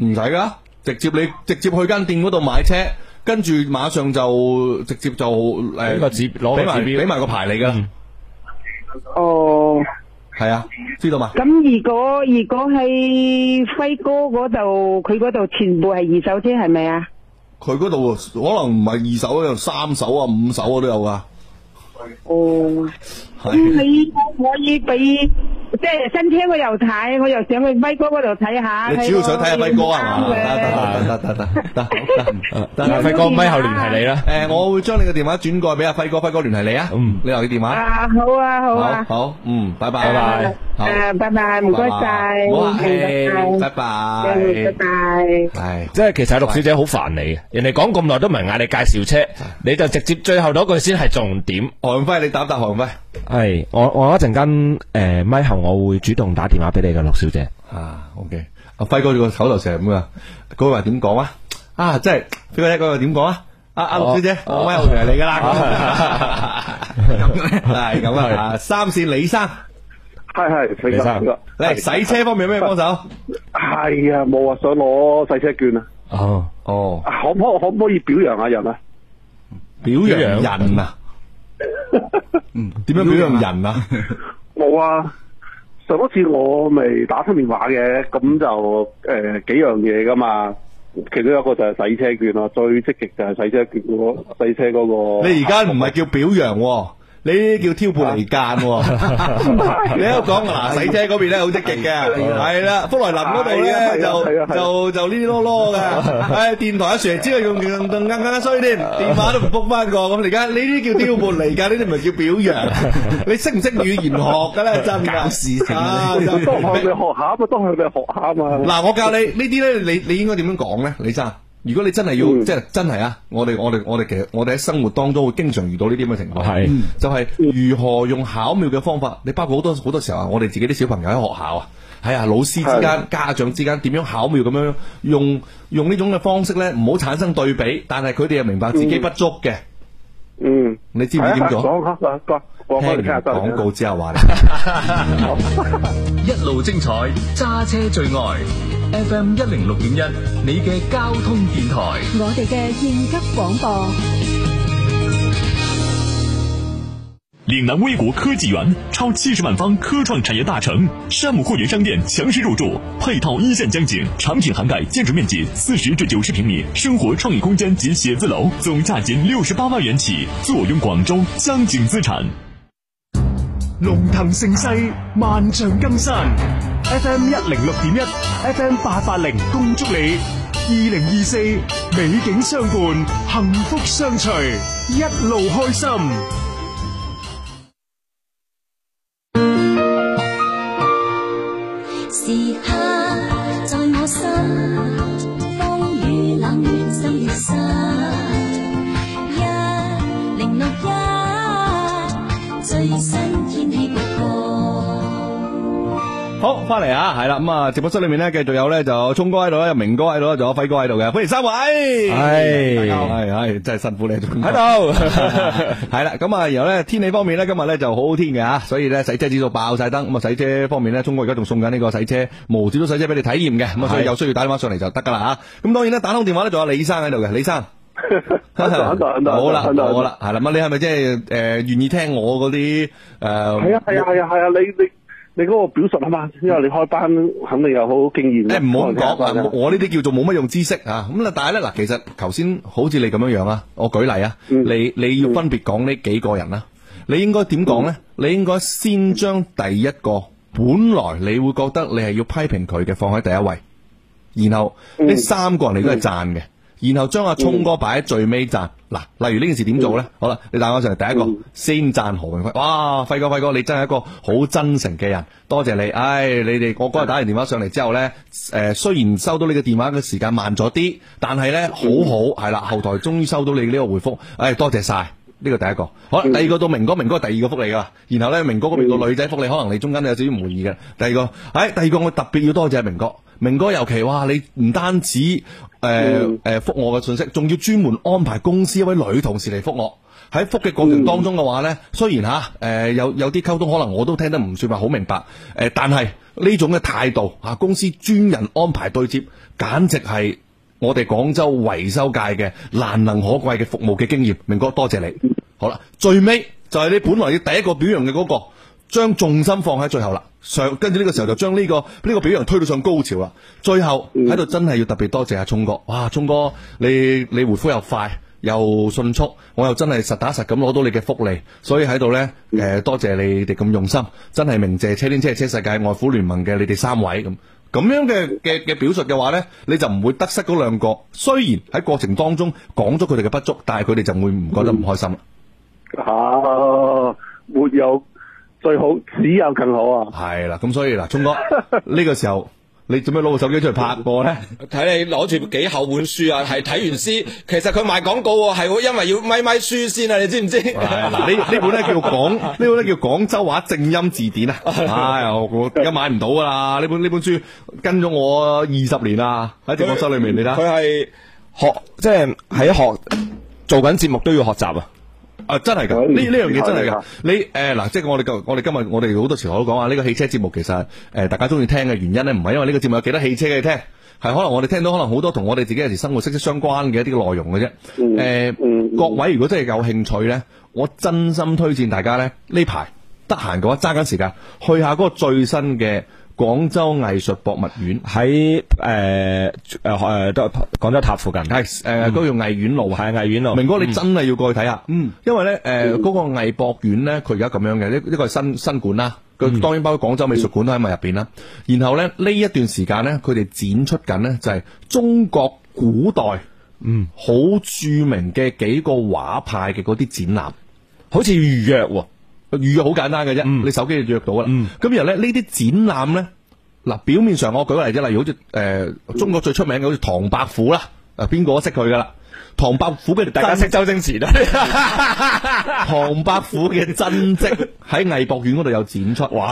唔使噶，直接你直接去間店嗰度買車，跟住馬上就直接就誒，俾個紙，攞個指標，俾埋個牌你噶啦。嗯、哦，係啊，知道嘛？咁如果如果喺輝哥嗰度，佢嗰度全部係二手車係咪啊？佢嗰度可能唔係二手，有三手啊、五手啊都有噶。哦。咁你我可以俾即係新車，我又睇，我又想去輝哥嗰度睇下。你主要想睇下阿輝哥啊？得得得得得得，阿輝哥輝後聯繫你啦。誒，我會將你嘅電話轉過俾阿輝哥，輝哥聯繫你啊。嗯，你留你電話。啊，好啊，好。好，嗯，拜拜拜拜。誒，拜拜，唔該晒。唔好客氣，拜拜，拜拜。係，即係其實陸小姐好煩你，人哋講咁耐都唔係嗌你介紹車，你就直接最後嗰句先係重點。韓輝，你答一答韓輝。係我我一陣間誒，咪後我會主動打電話俾你嘅，陸小姐。啊，OK。阿輝哥，你個口頭禪咁啊？嗰句話點講啊？啊，即係邊個咧？嗰句點講啊？阿阿陸小姐，我咪後嚟你噶啦。咁係咁啊。三線，李生，係，係李生。你洗車方面有咩幫手？係啊，冇話，想攞洗車券啊。哦，哦。可唔可可唔可以表揚下人啊？表揚人啊？嗯，點樣 表揚人啊？冇 啊，上一次我咪打出電話嘅，咁就誒、呃、幾樣嘢噶嘛，其中有一個就係洗車券咯，最積極就係洗車券洗車嗰個。你而家唔係叫表揚，哦。你呢啲叫挑撥離間喎！你喺度講啊，嗱，洗車嗰邊咧好積極嘅，係啦，福來林嗰邊咧就就就呢啲囉囉嘅，唉，電台阿蛇只係用用用更加衰添，電話都唔復翻個，咁而家呢啲叫挑撥離間，呢啲唔係叫表揚。你識唔識語言學㗎咧？真係搞事情啊！當佢哋學下，咁啊當佢哋學下啊嘛。嗱，我教你呢啲咧，你你應該點樣講咧？李生。如果你真係要，即係、嗯、真係啊！我哋我哋我哋其實我哋喺生活當中會經常遇到呢啲咁嘅情況，係是、嗯、就係、是、如何用巧妙嘅方法？你包括好多好多時候啊，我哋自己啲小朋友喺學校啊，係、哎、啊，老師之間、的家長之間，點樣巧妙咁樣用用呢種嘅方式咧，唔好產生對比，但係佢哋又明白自己不足嘅。嗯，你知唔知點講？啊聽完廣告之後話：你看看 一路精彩，揸車最愛，FM 一零六點一，你嘅交通電台，我哋嘅應急廣播。嶺南 V 谷科技園超七十萬方科創產業大城，山姆會員商店強勢入駐，配套一線江景，產品涵蓋建築面積四十至九十平米生活創意空間及寫字樓，總價僅六十八萬元起，坐擁廣州江景資產。龍騰盛世，萬象更新。FM 一零六點一，FM 八八零，恭祝你二零二四，2024, 美景相伴，幸福相隨，一路開心。好，翻嚟啊，係啦，咁啊，直播室裏面咧，繼續有咧，就聰哥喺度，有明哥喺度，仲有輝哥喺度嘅，歡迎三位，係，係，係，真係辛苦你喺度，係啦，咁啊，然後咧，天氣方面咧，今日咧就好天嘅吓，所以咧洗車指數爆晒燈，咁啊洗車方面咧，聰哥而家仲送緊呢個洗車，無紙都洗車俾你體驗嘅，咁啊所以有需要打電話上嚟就得噶啦吓，咁當然呢，打通電話咧，仲有李生喺度嘅，李生，喺度好啦好啦，係啦，咁你係咪即係誒願意聽我嗰啲誒？係啊係啊係啊係啊，你。你嗰個表述啊嘛，因為你開班肯定有好好經驗。誒唔好講，我呢啲叫做冇乜用知識啊。咁啦，但係咧嗱，其實頭先好似你咁樣樣啊，我舉例啊，嗯、你你要分別講呢幾個人啦，你應該點講咧？嗯、你應該先將第一個本來你會覺得你係要批評佢嘅放喺第一位，然後呢三個人你都係讚嘅。嗯嗯然後將阿聰哥擺喺最尾讚。嗱、嗯，例如呢件事點做呢？嗯、好啦，你帶我上嚟第一個、嗯、先讚何永輝，哇，輝哥輝哥，你真係一個好真誠嘅人，多謝你。唉、哎，你哋我嗰日打完電話上嚟之後呢，誒、呃，雖然收到你嘅電話嘅時間慢咗啲，但係呢，好好係啦，後台終於收到你呢個回覆，唉、哎，多謝晒呢、這個第一個。好，第二個到明哥，明哥第二個福利噶，然後呢，明哥嗰邊個女仔福利，嗯、可能你中間有少少唔滿意嘅第二個。唉、哎，第二個我特別要多謝明哥，明哥尤其哇，你唔單止。誒誒，復、呃呃、我嘅信息，仲要專門安排公司一位女同事嚟復我。喺復嘅過程當中嘅話呢，雖然吓誒、呃、有有啲溝通，可能我都聽得唔算話好明白。誒、呃，但係呢種嘅態度，吓、啊、公司專人安排對接，簡直係我哋廣州維修界嘅難能可貴嘅服務嘅經驗。明哥多謝你。好啦，最尾就係你本來要第一個表揚嘅嗰個。將重心放喺最後啦，上跟住呢個時候就將呢、這個呢、這個表揚推到上高潮啦。最後喺度真係要特別多謝阿、啊、聰哥，哇，聰哥你你回覆又快又迅速，我又真係實打實咁攞到你嘅福利，所以喺度呢，誒、呃，多謝你哋咁用心，真係鳴謝車天車地車世界愛虎聯盟嘅你哋三位咁咁樣嘅嘅嘅表述嘅話呢，你就唔會得失嗰兩個。雖然喺過程當中講咗佢哋嘅不足，但係佢哋就會唔覺得唔開心啦。吓、啊，沒有。最好只有更好啊！係啦，咁所以嗱，聰哥呢 個時候你做咩攞部手機出嚟拍過咧？睇你攞住幾厚本書啊！係睇完書，其實佢賣廣告係，因為要咪咪書先啊！你知唔知？嗱的， 呢 本呢本咧叫廣，呢本咧叫廣州話正音字典啊！唉、 哎，我而家買唔到噶啦，呢本呢本書跟咗我二十年啊，喺直播室裏面，他你睇看，佢係學，即係喺學 做緊節目都要學習啊！啊，真係噶！呢呢樣嘢真係噶。你誒嗱、呃，即係我哋今我哋今日我哋好多時我都講話，呢、這個汽車節目其實誒、呃、大家中意聽嘅原因呢，唔係因為呢個節目有幾多汽車嘅。你聽，係可能我哋聽到可能好多同我哋自己有時生活息息相關嘅一啲嘅內容嘅啫。誒、呃，嗯嗯、各位如果真係有興趣呢，我真心推薦大家呢呢排得閒嘅話，揸緊時間去下嗰個最新嘅。廣州藝術博物院喺誒誒誒，都、呃、廣、呃、州塔附近。係誒、嗯、都用藝苑路，係藝苑路。明哥，你真係要過去睇下。嗯。因為咧，誒、呃、嗰、嗯、個藝博院咧，佢而家咁樣嘅，一、這、一個係新新館啦。佢當然包括廣州美術館都喺埋入邊啦。嗯、然後咧，呢一段時間咧，佢哋展出緊呢，就係中國古代嗯好著名嘅幾個畫派嘅嗰啲展覽，好似預約。預約好簡單嘅啫，嗯、你手機就約到噶啦。咁、嗯、然後咧，呢啲展覽咧，嗱，表面上我舉個例啫，例如好似誒中國最出名嘅好似唐伯虎啦，誒邊個都識佢噶啦？唐伯虎畀大家識、啊，周星馳啦。唐伯虎嘅真迹喺藝博院嗰度有展出。哇！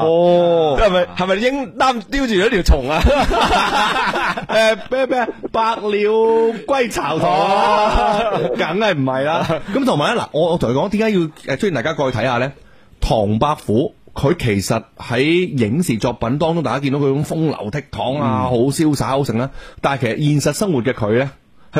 是哦！係咪係咪應擔叼住咗條蟲啊？誒、啊，咩 咩、呃呃呃呃？百鳥歸巢堂，梗係唔係啦。咁同埋呢，嗱，我我同你講，點解要誒、推、呃、大家過去睇下咧？唐伯虎佢其實喺影視作品當中，大家見到佢咁風流倜儻啊，好瀟灑好盛啦。但係其實現實生活嘅佢咧。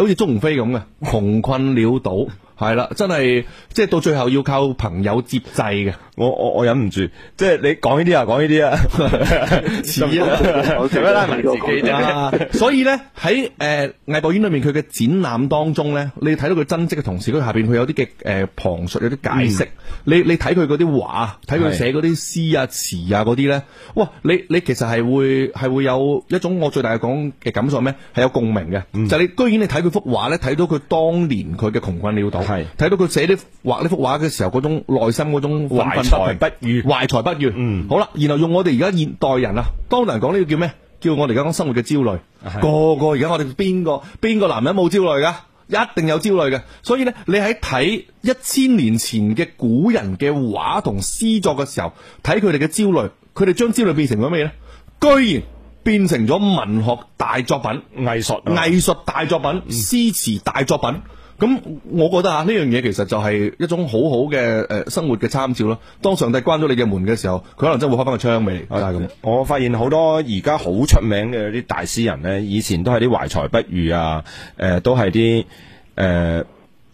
好似鍾鴻飛咁嘅，窮困潦倒。係啦，真係即係到最後要靠朋友接濟嘅。我我我忍唔住，即係你講呢啲啊，講呢啲啊，似啦，做、啊、自己啫、啊？ 所以咧喺誒藝博院裏面，佢嘅展覽當中咧，你睇到佢真迹嘅同時，佢下邊佢有啲嘅誒旁述，有啲解釋、嗯。你你睇佢嗰啲畫，睇佢寫嗰啲詩啊詞啊嗰啲咧，哇！你你其實係會係會有一種我最大嘅講嘅感受咩？係有共鳴嘅，嗯、就係你居然你睇佢幅畫咧，睇到佢當年佢嘅窮困潦倒。係睇是到佢寫啲畫呢幅畫嘅時候，嗰種內心嗰種懷才不遇，懷才不遇。不嗯，好啦，然後用我哋而家現代人啊，當地人講呢個叫咩？叫我哋而家講生活嘅焦慮。的個個而家我哋邊個邊個男人冇焦慮噶？一定有焦慮嘅。所以呢，你喺睇一千年前嘅古人嘅畫同詩作嘅時候，睇佢哋嘅焦慮，佢哋將焦慮變成咗咩呢？居然變成咗文學大作品、藝術、啊、藝術大作品、嗯、詩詞大作品。咁我覺得啊，呢樣嘢其實就係一種好好嘅，誒生活嘅參照咯。當上帝關咗你嘅門嘅時候，佢可能真會開翻個窗俾你，就係咁。我發現好多而家好出名嘅啲大詩人呢，以前都係啲懷才不遇啊，誒、呃，都係啲誒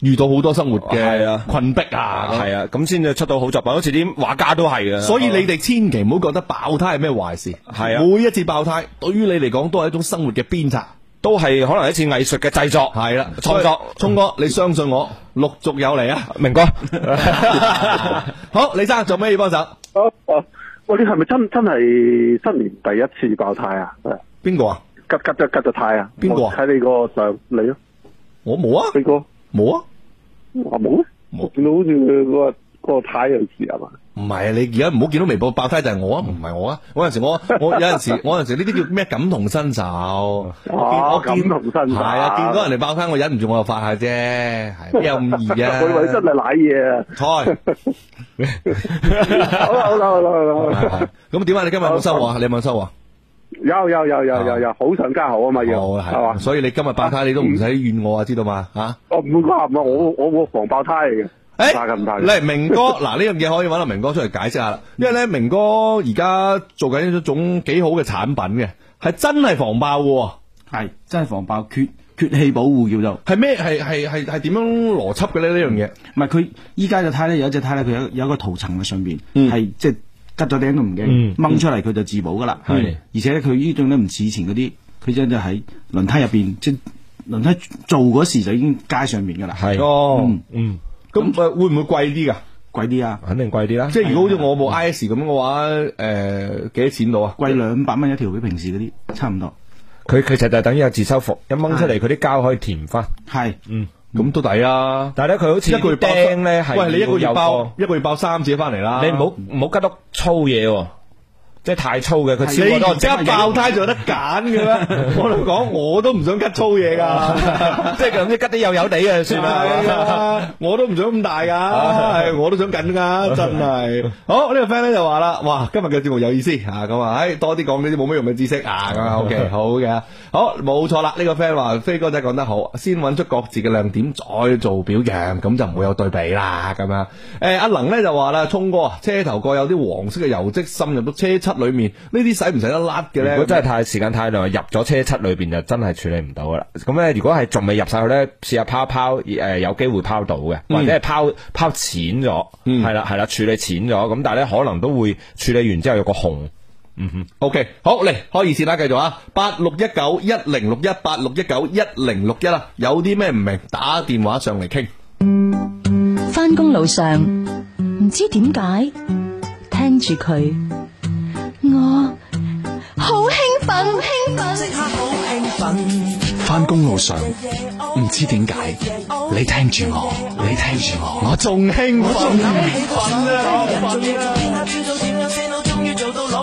遇到好多生活嘅困迫啊，係啊，咁先至出到好作品。好似啲畫家都係啊。所以你哋千祈唔好覺得爆胎係咩壞事，係啊，啊每一次爆胎對於你嚟講都係一種生活嘅鞭策。都係可能一次藝術嘅製作，係啦創作。聰以哥，嗯、你相信我，陸續有嚟啊，明哥。 好，李生做咩幫手？好哦、啊，喂，你係咪真真係新年第一次爆胎啊？邊個啊？急急就急咗胎啊？邊個啊？睇你個相你啊？我冇哥啊，你哥冇啊，我冇啊？冇、啊，見、啊啊、到好似佢嗰個嗰、那個胎係嘛？唔係啊！你而家唔好見到微博爆胎就係我啊，唔係我啊！嗰陣時我我有陣時，我陣時呢啲叫咩感同身受。我感同身受。係啊，見到人哋爆胎，我忍唔住，我就發下啫。係有咁易啊！佢為真係瀨嘢啊！開好啦好啦好啦好啦！咁點解啊？你今日冇收穫？你有冇收穫？有有有有有有，好上加好啊嘛！所以你今日爆胎，你都唔使怨我啊，知道嘛？吓！我唔會啩，我我我防爆胎嚟嘅。誒，嚟，明哥，嗱呢樣嘢可以揾阿明哥出嚟解釋下啦。因為咧，明哥而家做緊一種幾好嘅產品嘅，係真係防爆喎，係真係防爆，缺缺氣保護叫做。係咩？系系系係點樣邏輯嘅咧？呢樣嘢唔係佢依家嘅胎咧，有一隻胎咧，佢有有一個塗層喺上邊，係即係吉咗頂都唔驚，掹出嚟佢就自保噶啦。係，而且佢呢種咧唔似以前嗰啲，佢真就喺輪胎入邊，即係輪胎做嗰時就已經街上面噶啦。係，嗯。咁那會會唔會貴啲㗎？貴啲啊！肯定貴啲啦的。即係如果好似我部 IS 咁嘅話，誒、呃、幾多錢到啊？貴兩百蚊一條比平時嗰啲差唔多。佢其實就係等於有自修復，一掹出嚟佢啲膠可以填翻。係，嗯，咁都抵啦，但係咧，佢好似一釘咧係，喂，你一個月包，一個月包三次翻嚟啦。你唔好唔好吉碌粗嘢喎、啊。即係太粗嘅，佢超過多，即刻爆胎仲有得揀嘅咩？ 我同你講，我都唔想吉粗嘢噶， 即係咁即吉得又有地嘅算啦。 我都唔想咁大噶，係 我都想緊噶，真係。好，呢個 friend 咧就話啦，哇，今日嘅節目有意思吓，咁啊，唉，多啲講呢啲冇乜用嘅知識啊，咁樣。OK，好嘅。好，冇錯啦！呢、這個 friend 話：飛哥真係講得好，先揾出各自嘅亮點，再做表揚，咁就冇有對比啦。咁樣，誒、欸、阿能呢就話啦：，聰哥，車頭蓋有啲黃色嘅油漬滲入到車漆裏面，用用呢啲使唔使得甩嘅咧？如果真係太時間太耐，入咗車漆裏面就真係處理唔到噶啦。咁咧，如果係仲未入晒去咧，試下拋一拋、呃，有機會拋到嘅，或者係拋拋淺咗，係啦係啦，處理淺咗，咁但係咧可能都會處理完之後有個紅。嗯哼，OK，好嚟，開熱線啦，繼續啊，八六一九一零六一八六一九一零六一啊，有啲咩唔明，打電話上嚟傾。翻工路上唔知點解，聽住佢，我好興奮興奮好興奮。翻工路上唔知點解，你聽住我，你聽住我，我仲興奮。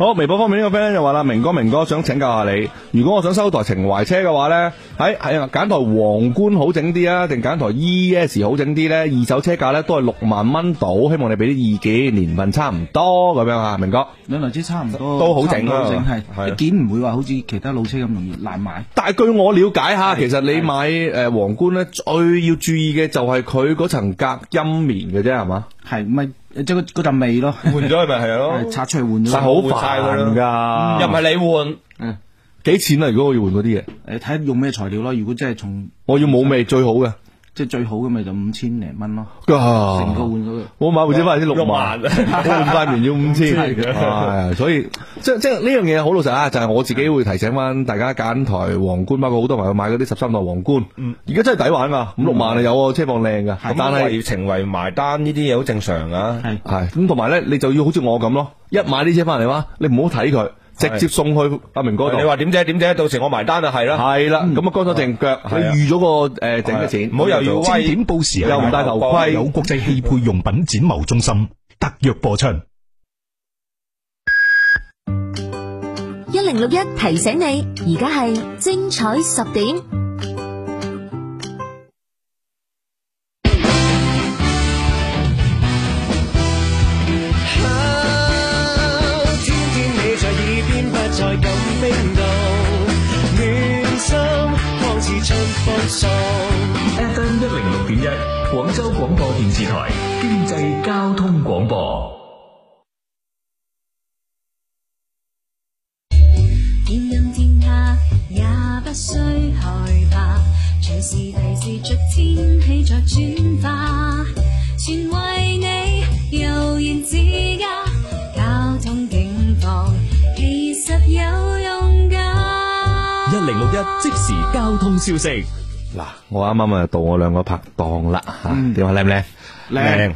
好，微博方面呢，這個 friend 就話啦，明哥明哥想請教下你，如果我想收台情懷車嘅話咧，喺，哎、係啊，揀台皇冠好整啲啊，定揀台 E S 好整啲咧？二手車價咧都係六萬蚊到，希望你俾啲意見，年份差唔多咁樣明哥。兩台車差唔多，都好整，整。啊啊、好整係，件唔會話好似其他老車咁容易難買。但係據我了解下，啊、其實你買誒皇冠咧，最要注意嘅就係佢嗰層隔音棉嘅啫，係嘛？係咪？即係、嗰個陣味咯，換咗佢咪係咯，拆 出嚟換，咗換晒佢咯，嗯、又唔係你換，幾、嗯、錢啊？如果我要換嗰啲嘢，誒，睇下用咩材料咯。如果真係從，我要冇味最好嘅。即係最好嘅咪就五千零蚊咯，啊、成換個換咗我買部車翻嚟，先六萬，塊面要千五千，哎，所以即即係呢樣嘢好老實啊！就係、是、我自己會提醒翻大家揀台皇冠，包括好多朋友買嗰啲十三代皇冠，而家、嗯、真係抵玩啊，五六、嗯、萬啊有啊，車房靚噶，但係成為，為埋單呢啲嘢好正常啊，係咁同埋咧，你就要好似我咁咯，一買啲車翻嚟話你唔好睇佢。直接送去阿明哥度，你話點啫？點啫？到時我埋單就係啦。係啦，咁啊，乾手淨腳，你預咗個誒整嘅錢，唔好猶豫。整點報時又唔戴頭盔，有國際汽配用品展貿中心特約播出。一零六一提醒你，而家係精彩十點。一廣州廣播電視台經濟交通廣播。天陰天黑也不需害怕，隨時提示着天氣在轉化，全為你悠然自洽。交通警報其實有用㗎。一零六一即時交通消息。嗱，我啱啱啊到我兩個拍檔啦，吓點啊靚唔靚？靚、嗯。亮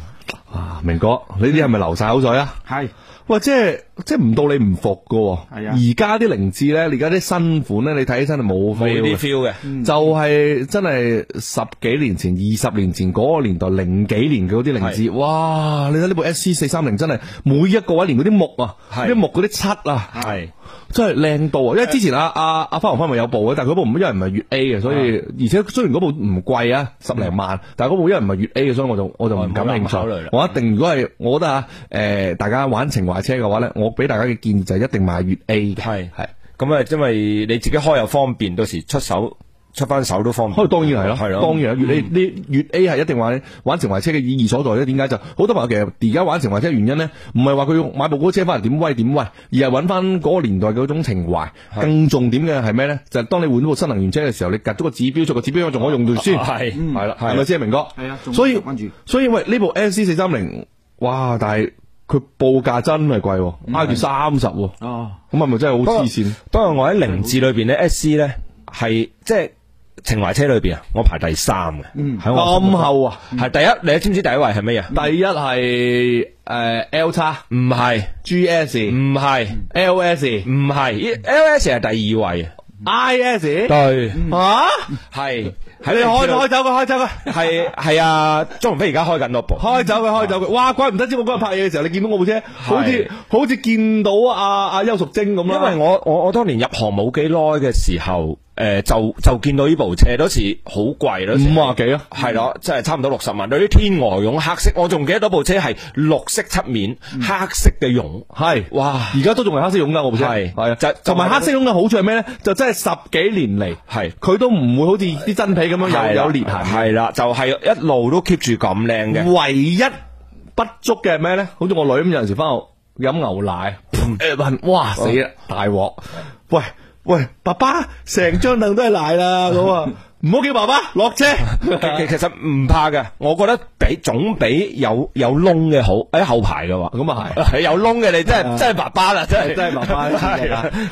明哥，你呢啲係咪流晒口水啊？係，哇，即係即係唔到你唔服噶。係啊，而家啲凌志咧，而家啲新款咧，你睇起身係冇冇啲 feel 嘅，就係真係十幾年前，二十年前嗰個年代零幾年嘅嗰啲凌志。哇，你睇呢部 S C 四三零真係每一個位，連嗰啲木啊，啲木嗰啲漆啊，係真係靚到啊！因為之前阿阿阿花恆方咪有部嘅，但係佢部因為唔係粵 A 嘅，所以而且雖然嗰部唔貴啊，十零萬，但係嗰部因為唔係粵 A 嘅，所以我就我就唔感興趣。一定，如果係，我覺得啊，誒、呃，大家玩情懷車嘅話咧，我俾大家嘅建議就係一定買粵 A 嘅，係係是，咁啊是，因為你自己開又方便，到時出手。出翻手都方便，當然係啦。當然啦，越你你越 A 係一定話你玩情懷車嘅意義所在啫。點解就好多朋友其實而家玩情懷車嘅原因咧，唔係話佢買部嗰車翻嚟點威點威，而係揾翻嗰個年代嘅嗰種情懷。更重點嘅係咩咧？就係當你換到部新能源車嘅時候，你隔咗個指標，做個指標仲可用到先。係，係啦，係咪先明哥？係啊，所以關注所以喂，呢部 S C 四三零，哇！但係佢報價真係貴，挨住三十喎。咁啊，係咪真係好黐線。不過我喺凌志裏邊咧，S C 咧係即係。情懷車裏邊啊，我排第三嘅，嗯喺咁後啊，係第一。你知唔知第一位係乜嘢？第一係誒 L 叉，唔係 G S，唔係 L S，唔係 L S 係第二位，I S 對啊，係係你開開走佢，開走佢，係係啊張龍飛而家開緊諾博，開走佢，開走佢，哇！怪唔得知我嗰日拍嘢嘅時候，你見到我部車，好似好似見到啊阿邱淑貞咁啦。因為我我我當年入行冇幾耐嘅時候。誒，就就見到呢部車，嗰時好貴咯，五啊幾啊？係咯，即係差唔多六十萬。對於天鵝絨黑色，我仲記得嗰部車係綠色漆面黑色嘅絨，係哇，而家都仲係黑色絨噶，我部車係係就同埋黑色絨嘅好處係咩咧？就真係十幾年嚟，係佢都唔會好似啲真皮咁樣又有裂痕，係啦，就係一路都 keep 住咁靚嘅。唯一不足嘅係咩咧？好似我女咁，有陣時翻學飲牛奶，誒，哇死啦，大鑊喂！喂，爸爸，成張凳都係奶啦咁啊！好 唔好叫爸爸落車，其 其實唔怕嘅，我覺得比總比有有窿嘅好。喺後排嘅話，咁啊係，係 有窿嘅你真係是、啊、真係爸爸啦，真係真係爸爸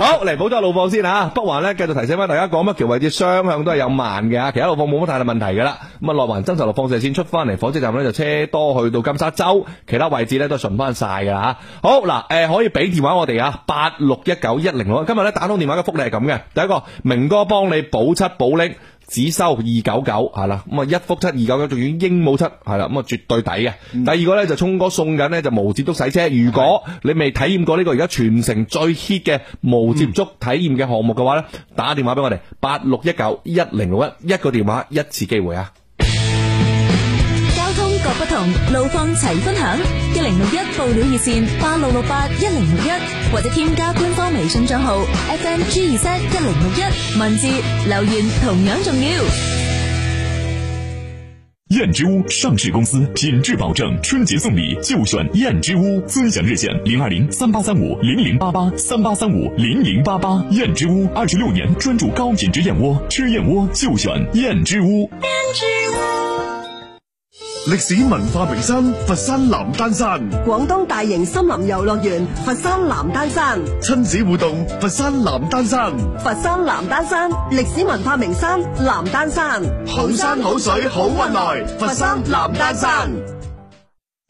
好嚟，補充路況先吓、啊，北環 呢，繼續提醒翻大家，講乜橋位置雙向都係有慢嘅啊，其他路況冇乜太大問題噶啦。咁啊，內環增槎路況先出翻嚟，火車站呢就車多，去到金沙洲其他位置呢都順翻晒噶啦吓。好嗱，誒、呃、可以俾電話我哋啊，八六一九一零六，今日呢，打通電話嘅福利係咁嘅，第一個明哥幫你補七保拎。只收二九九係啦，咁啊一幅七二九九，仲要鸚鵡七係啦，咁啊絕對抵嘅。嗯、第二個呢，就聰哥送緊呢，就無接觸洗車，如果你未體驗過呢個而家全城最 hit 嘅無接觸體驗嘅項目嘅話呢、嗯、打電話俾我哋八六一九一零六一，一個電話一次機會啊！路況齊分享，一零六一報料熱線八六六八一零六一，或者添加官方微信賬號 FMG 二三一零六一，文字留言同樣重要。燕之屋上市公司，品質保證，春節送禮就選燕之屋。尊享熱線零二零三八三五零零八八三八三五零零八八。88, 燕之屋二十六年專注高品質燕窩，吃燕窩就選燕之屋燕之屋。歷史文化名山佛山南丹山，廣東大型森林遊樂園佛山南丹山，親子互動佛山南丹山，佛山南丹山歷史文化名山南丹山，好山好水好運來，佛山南丹山。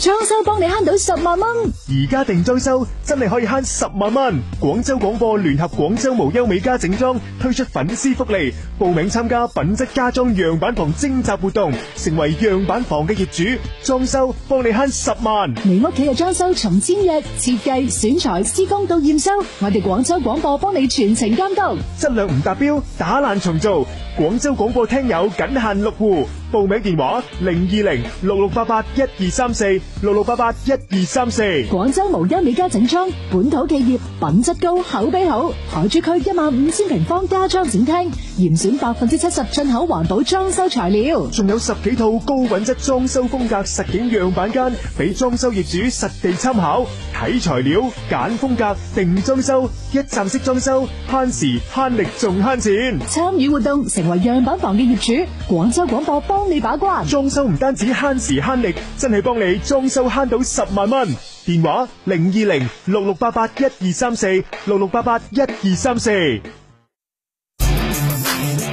裝修幫你慳到十萬蚊，而家定裝修真係可以慳十萬蚊。廣州廣播聯合廣州無憂美家整裝推出粉絲福利，報名參加品質家裝樣板房徵集活動，成為樣板房嘅業主，裝修幫你慳十萬。你屋企嘅裝修從簽約、設計、選材、施工到驗收，我哋廣州廣播幫你全程監督，質量唔達標打爛重做。廣州廣播聽友僅限六戶。報名電話零二零六六八八一二三四六六八八一二三四。廣州無一美家整裝，本土企業，品質高、口碑好。海珠區一萬五千平方家裝展廳，嚴選百分之七十進口環保裝修材料，仲有十幾套高品質裝修風格實景樣板間，俾裝修業主實地參考，睇材料、揀風格、定裝修，一站式裝修，慳時慳力仲慳錢。參與活動，成為樣板房嘅業主，廣州廣播波。幫你把關，裝修唔單止慳時慳力，真係幫你裝修慳到十萬蚊。電話零二零六六八八一二三四六六八八一二三四。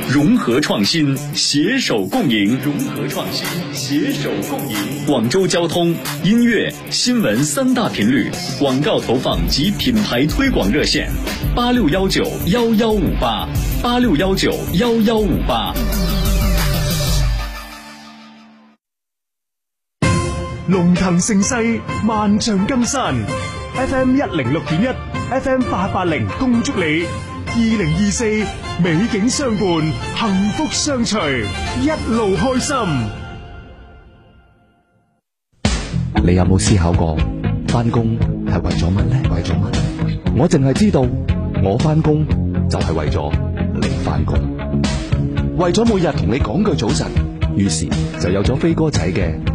融合創新，携手共贏。融合創新，携手共贏。共贏。廣州交通音樂新聞三大頻率廣告投放及品牌推廣熱線：八六一九一一五八八六一九一一五八。龍騰盛世，萬丈金山。FM 一零六點一，FM 八八零，恭祝你二零二四，2024，美景相伴，幸福相隨，一路開心。你有冇思考過，翻工係為咗乜呢？為咗乜？我淨係知道，我翻工就係為咗你翻工，為咗每日同你講句早晨。於是就有咗飛哥仔嘅。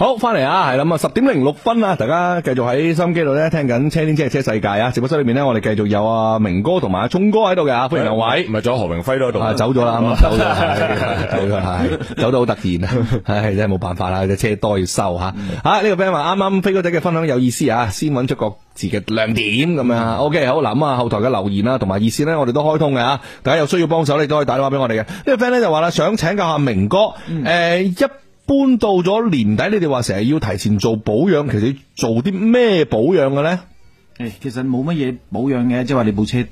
好，翻嚟啊，係咁啊，十點零六分啊，大家繼續喺收音機度咧聽緊車天車地車世界啊！直播室裏邊呢，我哋繼續有啊明哥同埋阿聰哥喺度嘅啊，歡迎兩位，唔係仲有何明輝都喺度啊，走咗啦，走咗， 走咗， 走得好突然啊，唉，真係冇辦法啦，只車多要收吓，吓呢個 friend 話啱啱飛哥仔嘅分享有意思啊，先揾出各自嘅亮點咁、嗯、樣，OK 好嗱咁啊，後台嘅留言啦同埋熱線呢，我哋都開通嘅吓，大家有需要幫手你都可以打電話俾我哋嘅，呢、這個 friend 就話啦，想請教下明哥，誒、嗯欸、一。搬到咗年底，你哋話成日要提前做保養，其實做啲咩保養嘅咧？誒，其實冇乜嘢保養嘅，即係話你部車誒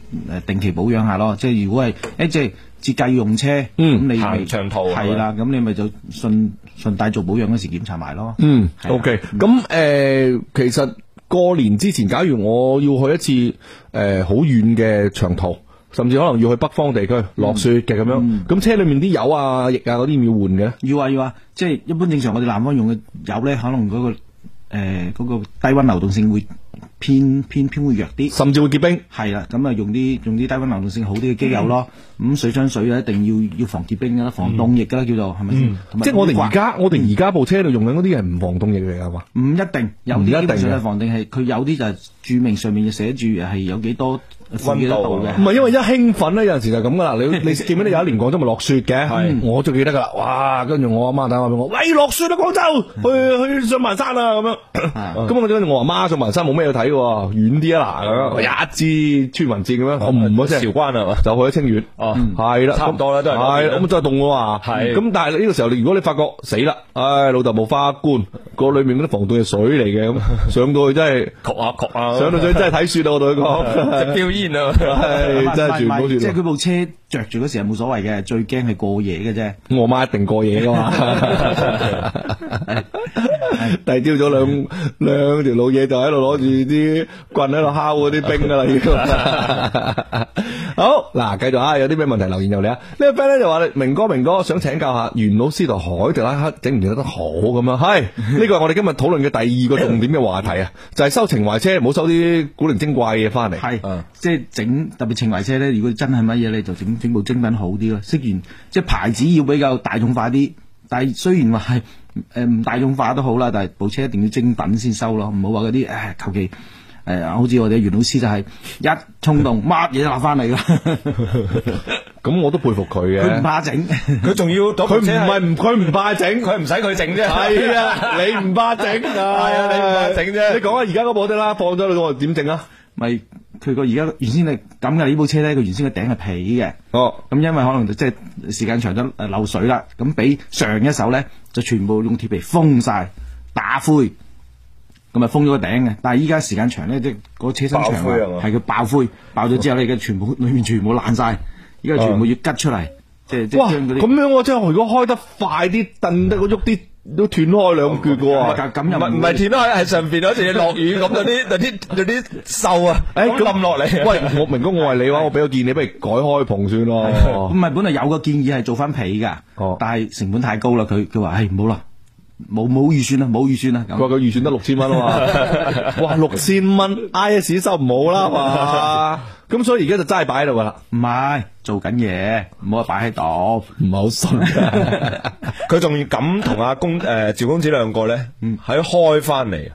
定期保養下咯。即係如果係誒即係節假用車，嗯，你行長途係啦，咁你咪就順順帶做保養嘅時檢查埋咯。嗯，OK。咁誒，呃，其實過年之前，假如我要去一次誒好遠嘅長途。甚至可能要去北方地區落雪嘅咁樣，咁，嗯嗯，車裏面啲油啊、液啊嗰啲要換嘅啊？要啊要啊，即係一般正常我哋南方用嘅油咧，可能嗰個誒嗰個低温流動性會，偏偏偏會弱啲，甚至會結冰。係啦，咁啊用啲用啲低溫流動性好啲嘅機油咯。咁水箱水一定要要防結冰噶啦，防凍液噶啦，叫做係咪先？即係我哋而家我哋而家部車度用緊嗰啲係唔防凍液嚟㗎嘛？唔一定，有啲定嘅防定係佢有啲就係註明上面嘅寫住係有幾多溫度嘅。唔係因為一興奮呢，有陣時就咁㗎啦。你你見唔見到有一年廣州咪落雪嘅？我仲記得㗎啦，哇！跟住我阿媽打電話俾我，喂，落雪啦廣州，去去上雲山啊咁樣。咁我跟住我阿媽上雲山冇咩嘢睇。遠啲啦，咁一支穿雲箭咁樣，我唔好聲。韶關啊，就去咗清遠。哦，係啦，差唔多啦，都係。係，咁真係凍我嘛。係，咁但係呢個時候，如果你發覺死啦，唉，老豆冇花棺，個裏面嗰啲防凍係水嚟嘅，咁上到去真係焗啊曲啊，上到去真係睇雪啦，我對佢講，就吊煙啊，係真係即係佢部車着住嗰時候冇所謂嘅，最驚係過夜嘅啫。我媽一定過夜噶嘛。第朝咗兩兩條老嘢就喺度攞住啲棍喺度敲嗰啲冰噶啦要，好嗱，繼續啊，有啲咩問題留言由你啊。 個呢個 friend 咧就話明哥明哥想請教下袁老師同海迪拉克整唔整得好咁樣？係呢個係我哋今日討論嘅第二個重點嘅話題啊， 就係、是、收情懷車，唔好收啲古靈精怪嘢翻嚟。係，即係整特別情懷車咧，如果真係乜嘢咧，就整整部精品好啲咯。雖然，即係牌子要比較大眾化啲，但係雖然話係。誒，唔、呃、大眾化都好啦，但係部車一定要精品先收咯，唔好話嗰啲誒，求其誒，好似我哋袁老師就係、是、一衝動，乜嘢都攞翻嚟啦。咁 我都佩服佢嘅，佢唔怕整，佢仲要，佢唔係唔，佢唔怕整，佢唔使佢整啫。係啊， 啊，你唔怕整係啊，你唔怕整啫？你講下而家嗰部得啦，放咗你我點整啊？咪。佢個而家原先係咁嘅，呢部車咧，佢原先個頂係皮嘅。哦，咁因為可能就即係時間長咗誒，漏水啦，咁俾上一手咧，就全部用鐵皮封晒打灰，咁啊封咗個頂嘅。但係依家時間長咧，即係個車身長係佢爆，爆灰，爆咗之後咧，嘅全部裏面全部爛晒，依家全部要吉出嚟，oh.，即係、啊、即咁樣我即係如果開得快啲，凳得個喐啲。都斷開兩橛嘅喎，咁又唔係，唔係斷開，係上邊嗰陣嘢落雨咁，嗰啲嗰啲嗰啲獸啊，誒冧落嚟。喂，我明哥，我係你話，我俾個建議，不如改開篷算咯。唔係本來有個建議係做翻皮嘅，但係成本太高啦。佢佢話，唉，唔好啦，冇冇預算啦，冇預算啦。佢話，佢預算得六千蚊啊嘛，哇，六千蚊，IS 收唔好啦嘛。咁所以而家就齋擺喺度啦，唔係做緊嘢，唔好話擺喺度，唔係好信。佢仲要咁同阿公誒，趙、呃、公子兩個咧，喺、嗯、開翻嚟。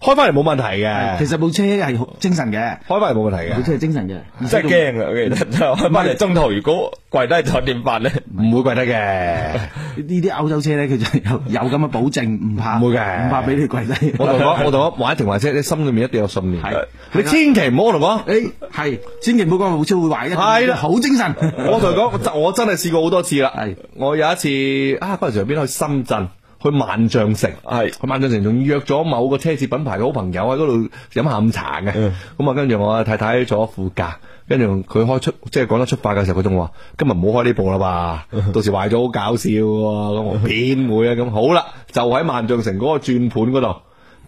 開翻嚟冇問題嘅，其實部車係好精神嘅，開翻嚟冇問題嘅，部車係精神嘅，真係驚嘅！開翻嚟中途如果跪低，點辦咧？唔會跪低嘅，呢啲歐洲車咧，佢就有咁嘅保證，唔怕，唔會嘅，唔怕俾你跪低。我同我，我同我玩一停話，車你心裏面一定有信念。係你千祈唔好我同你講，誒，係千祈唔好講部車會壞嘅，係啦，好精神。我同佢講，我真係試過好多次啦。我有一次啊，嗰陣時我邊去深圳。去萬象城，係是去萬象城仲約咗某個奢侈品牌嘅好朋友喺嗰度飲下午茶嘅，咁啊、嗯、跟住我太太坐副駕，跟住佢開出即係講得出發嘅時候，佢仲話：今日唔好開呢部啦吧， 到時壞咗好搞笑咁，我邊會啊咁？好啦，就喺萬象城嗰個轉盤嗰度。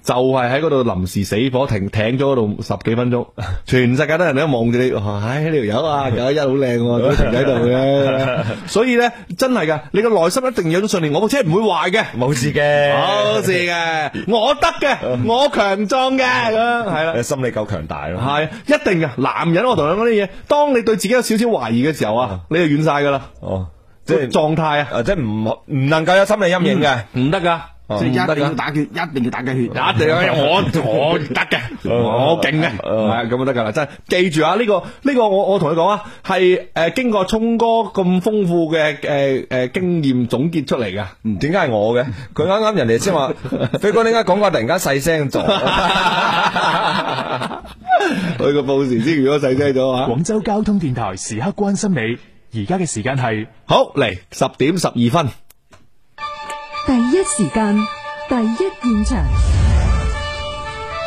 就係喺嗰度臨時死火停停咗嗰度十幾分鐘，全世界啲人都望住你，唉，呢條友啊，有一好靚喎，都停喺度嘅。所以咧，真係噶，你個內心一定要有咗信念，我部車唔會壞嘅，冇事嘅，冇事嘅，我得嘅，我強壯嘅，咁係啦。心理夠強大咯，係一定噶。男人，我同你講啲嘢，當你對自己有少少懷疑嘅時候啊，你就軟晒噶啦。哦，即係狀態啊，即係唔唔能夠有心理陰影嘅，唔得噶。即係一定要打血，一定要打嘅血，一定啊！我我得嘅，我勁嘅，係咁就得噶啦！真係記住啊！呢個呢個我我同你講啊，係誒經過聰哥咁豐富嘅誒誒經驗總結出嚟噶。嗯，點解係我嘅？佢啱啱人哋先話，飛哥點解講話突然間細聲咗？佢個報時先如果細聲咗啊！廣州交通電台時刻關心你，而家嘅時間係好嚟十點十二分。第一時間，第一現場，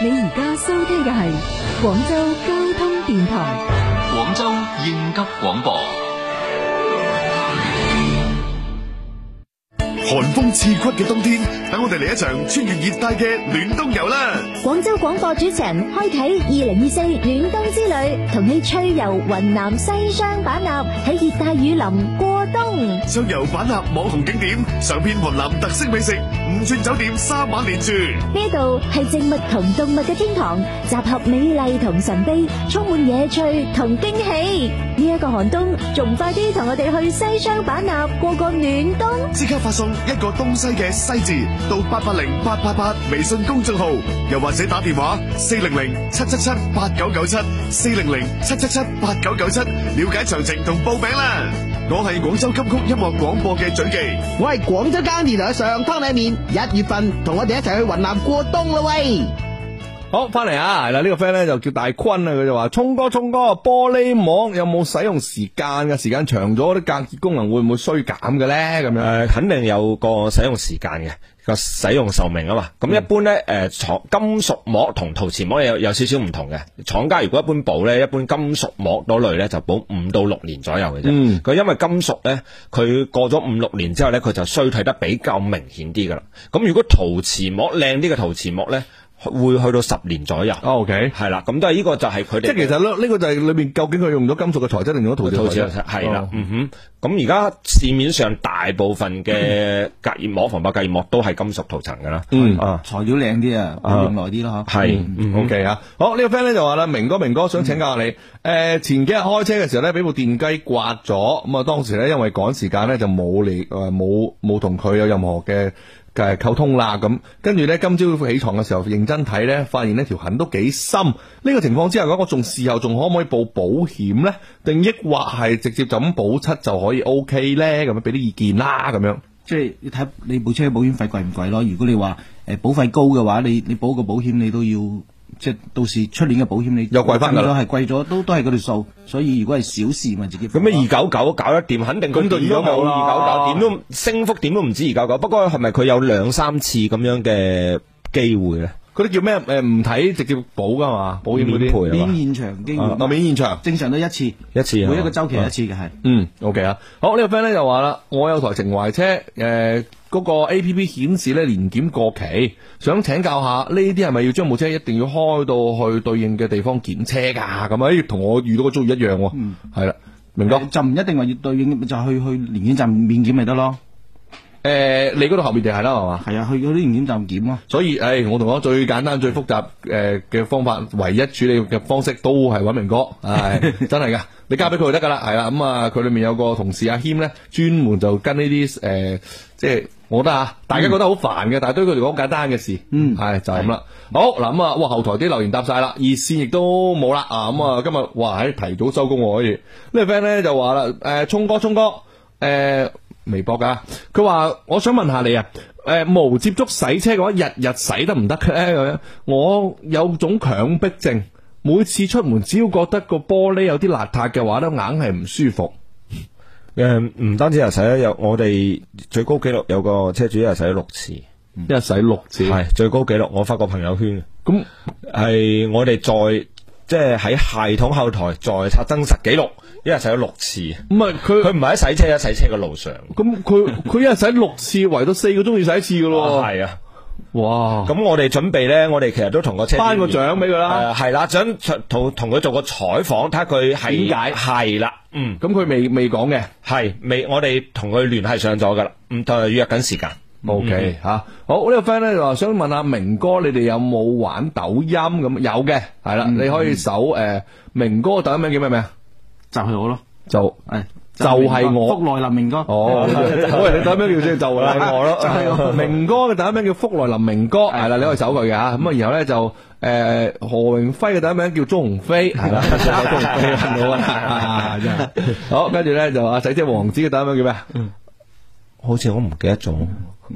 你而家收聽嘅係廣州交通電台，廣州應急廣播。寒風刺骨嘅冬天，等我哋嚟一場穿越熱帶嘅暖冬遊啦！廣州廣播主持人開啟二零二四暖冬之旅，同你趣遊雲南西雙版納，喺熱帶雨林過冬，暢遊版納網紅景點，嘗遍雲南特色美食，五鑽酒店三晚連住。呢度係植物同動物嘅天堂，集合美麗同神秘，充滿野趣同驚喜。呢一個寒冬，仲唔快啲同我哋去西雙版納過個暖冬？即刻發送！一個東西嘅西字到八八零八八八微信公眾號，又或者打電話四零零七七七八九九七，四零零七七七八九九七，7, 7, 了解詳情同報名啦。我係廣州金曲音樂廣播嘅嘴記，我係廣州嘉年台上湯拉麵。一月份同我哋一齊去雲南過冬啦喂。好，翻嚟啊！嗱，呢個 friend 咧就叫大坤啊，佢就話：聰哥，聰哥，玻璃膜有冇使用時間嘅？時間長咗，啲隔熱功能會唔會衰減嘅咧？咁樣誒，肯定有個使用時間嘅個使用壽命啊嘛。咁、嗯、一般咧，誒、呃，廠金屬膜同陶瓷膜有有，有少少唔同嘅。廠家如果一般保咧，一般金屬膜嗰類咧就保五到六年左右嘅啫。佢、嗯、因為金屬咧，佢過咗五六年之後咧，佢就衰退得比較明顯啲噶啦。咁如果陶瓷膜靚啲嘅陶瓷膜咧。會去到十年左右。OK，係啦，咁都係呢個就係佢哋。即係其實咧，呢個就係裏面究竟佢用咗金屬嘅材質定用咗陶瓷？陶瓷係啦。嗯哼，咁而家市面上大部分嘅隔熱膜、防爆隔熱膜都係金屬塗層噶啦。嗯啊，材料靚啲啊，用耐啲咯。係，OK 啊。好，呢個 friend 咧就話啦，明哥，明哥想請教下你。誒，前幾日開車嘅時候咧，俾部電雞刮咗。咁啊，當時咧因為趕時間咧，就冇嚟誒，冇冇同佢有任何嘅。嘅溝通啦，咁跟住呢，今朝起床嘅時候認真睇呢，發現呢條痕都幾深。呢、這個情況之下，我仲事後仲可唔可以報保險呢？定抑或係直接就咁補漆就可以 O、OK、K 呢？咁樣俾啲意見啦。咁樣即係你睇你部車保險費貴唔貴咯？如果你話、呃、保費高嘅話，你你保個保險你都要。即到時出年嘅保險，你又貴翻噶，係貴咗，都都係嗰條數。所以如果係小事，咪自己咁咩二九九搞一掂，肯定二九九，二九九點都升幅，點都唔止二九九。不過係咪佢有兩三次咁樣嘅機會咧？嗰啲叫咩？誒唔睇直接保噶嘛，保險嗰啲免賠、免現場機會、免現場，正常都一次，一次每一個週期一次嘅係。嗯，OK 啊。好呢個 friend 咧就話啦，我有台情懷車誒。嗰個 A P P 顯示咧年檢過期，想請教下呢啲係咪要將部車一定要開到去對應嘅地方檢車㗎？咁啊，同、欸、我遇到個遭遇一樣、哦，喎、嗯。啦，明哥，欸、就唔一定話要對應，就去去年檢站面檢咪得咯？誒、欸，你嗰度後面就係啦，係嘛？係啊，去嗰啲年檢站檢咯、啊。所以誒、欸，我同講最簡單、最複雜嘅、呃、方法，唯一處理嘅方式都係搵明哥， 真係㗎。你交俾佢就得㗎啦，係啦。咁、嗯嗯嗯、啊，佢裏面有個同事阿謙呢，專門就跟呢啲即係。呃就是我得啊，大家覺得好煩嘅，嗯、但係對佢嚟講好簡單嘅事，嗯，係、哎、就係咁啦。是好嗱咁啊，哇！後台啲留言答晒啦，熱線亦都冇啦啊咁啊，今日哇喺提早收工我可以。呢個 friend 咧就話啦，誒聰哥聰哥，誒、呃、微博噶、啊，佢話我想問下你啊，誒、呃、無接觸洗車嘅話，日日洗得唔得嘅咧？我有種強迫症，每次出門只要覺得個玻璃有啲邋遢嘅話，都硬係唔舒服。誒，唔單止係洗有，有我哋最高紀錄有個車主一日洗咗六次，一日洗六次，係、嗯、最高紀錄。我發個朋友圈。咁係那我哋再即係喺系統後台再刷增實紀錄，一日洗咗六次。咁啊，佢佢唔係一洗車一洗車嘅路上。咁佢佢一日洗六次，圍到四個鐘要洗一次嘅咯。係啊。哇！咁我哋準備咧，我哋其實都同個車頒個獎俾佢啦。係啦，想同同佢做個採訪，睇下佢係點解。係啦，嗯，咁佢未未講嘅，係未。我哋同佢聯繫上咗噶啦，嗯，同約緊時間。OK 吓，好呢個 friend 咧就話想問下明哥，你哋有冇玩抖音咁？有嘅，係啦，你可以搜誒明哥個抖音名叫咩名？就係我咯，就誒。就係我福來林明哥哦，好，你第一名叫先就係我咯，明哥嘅第一名叫福來林明哥係啦，你可以搜佢嘅吓，咁啊然後咧就誒何榮輝嘅第一名叫鍾鴻飛係啦，鍾鴻飛好啊，好，跟住咧就阿仔即王子嘅第一名叫咩啊？好似我唔記得咗。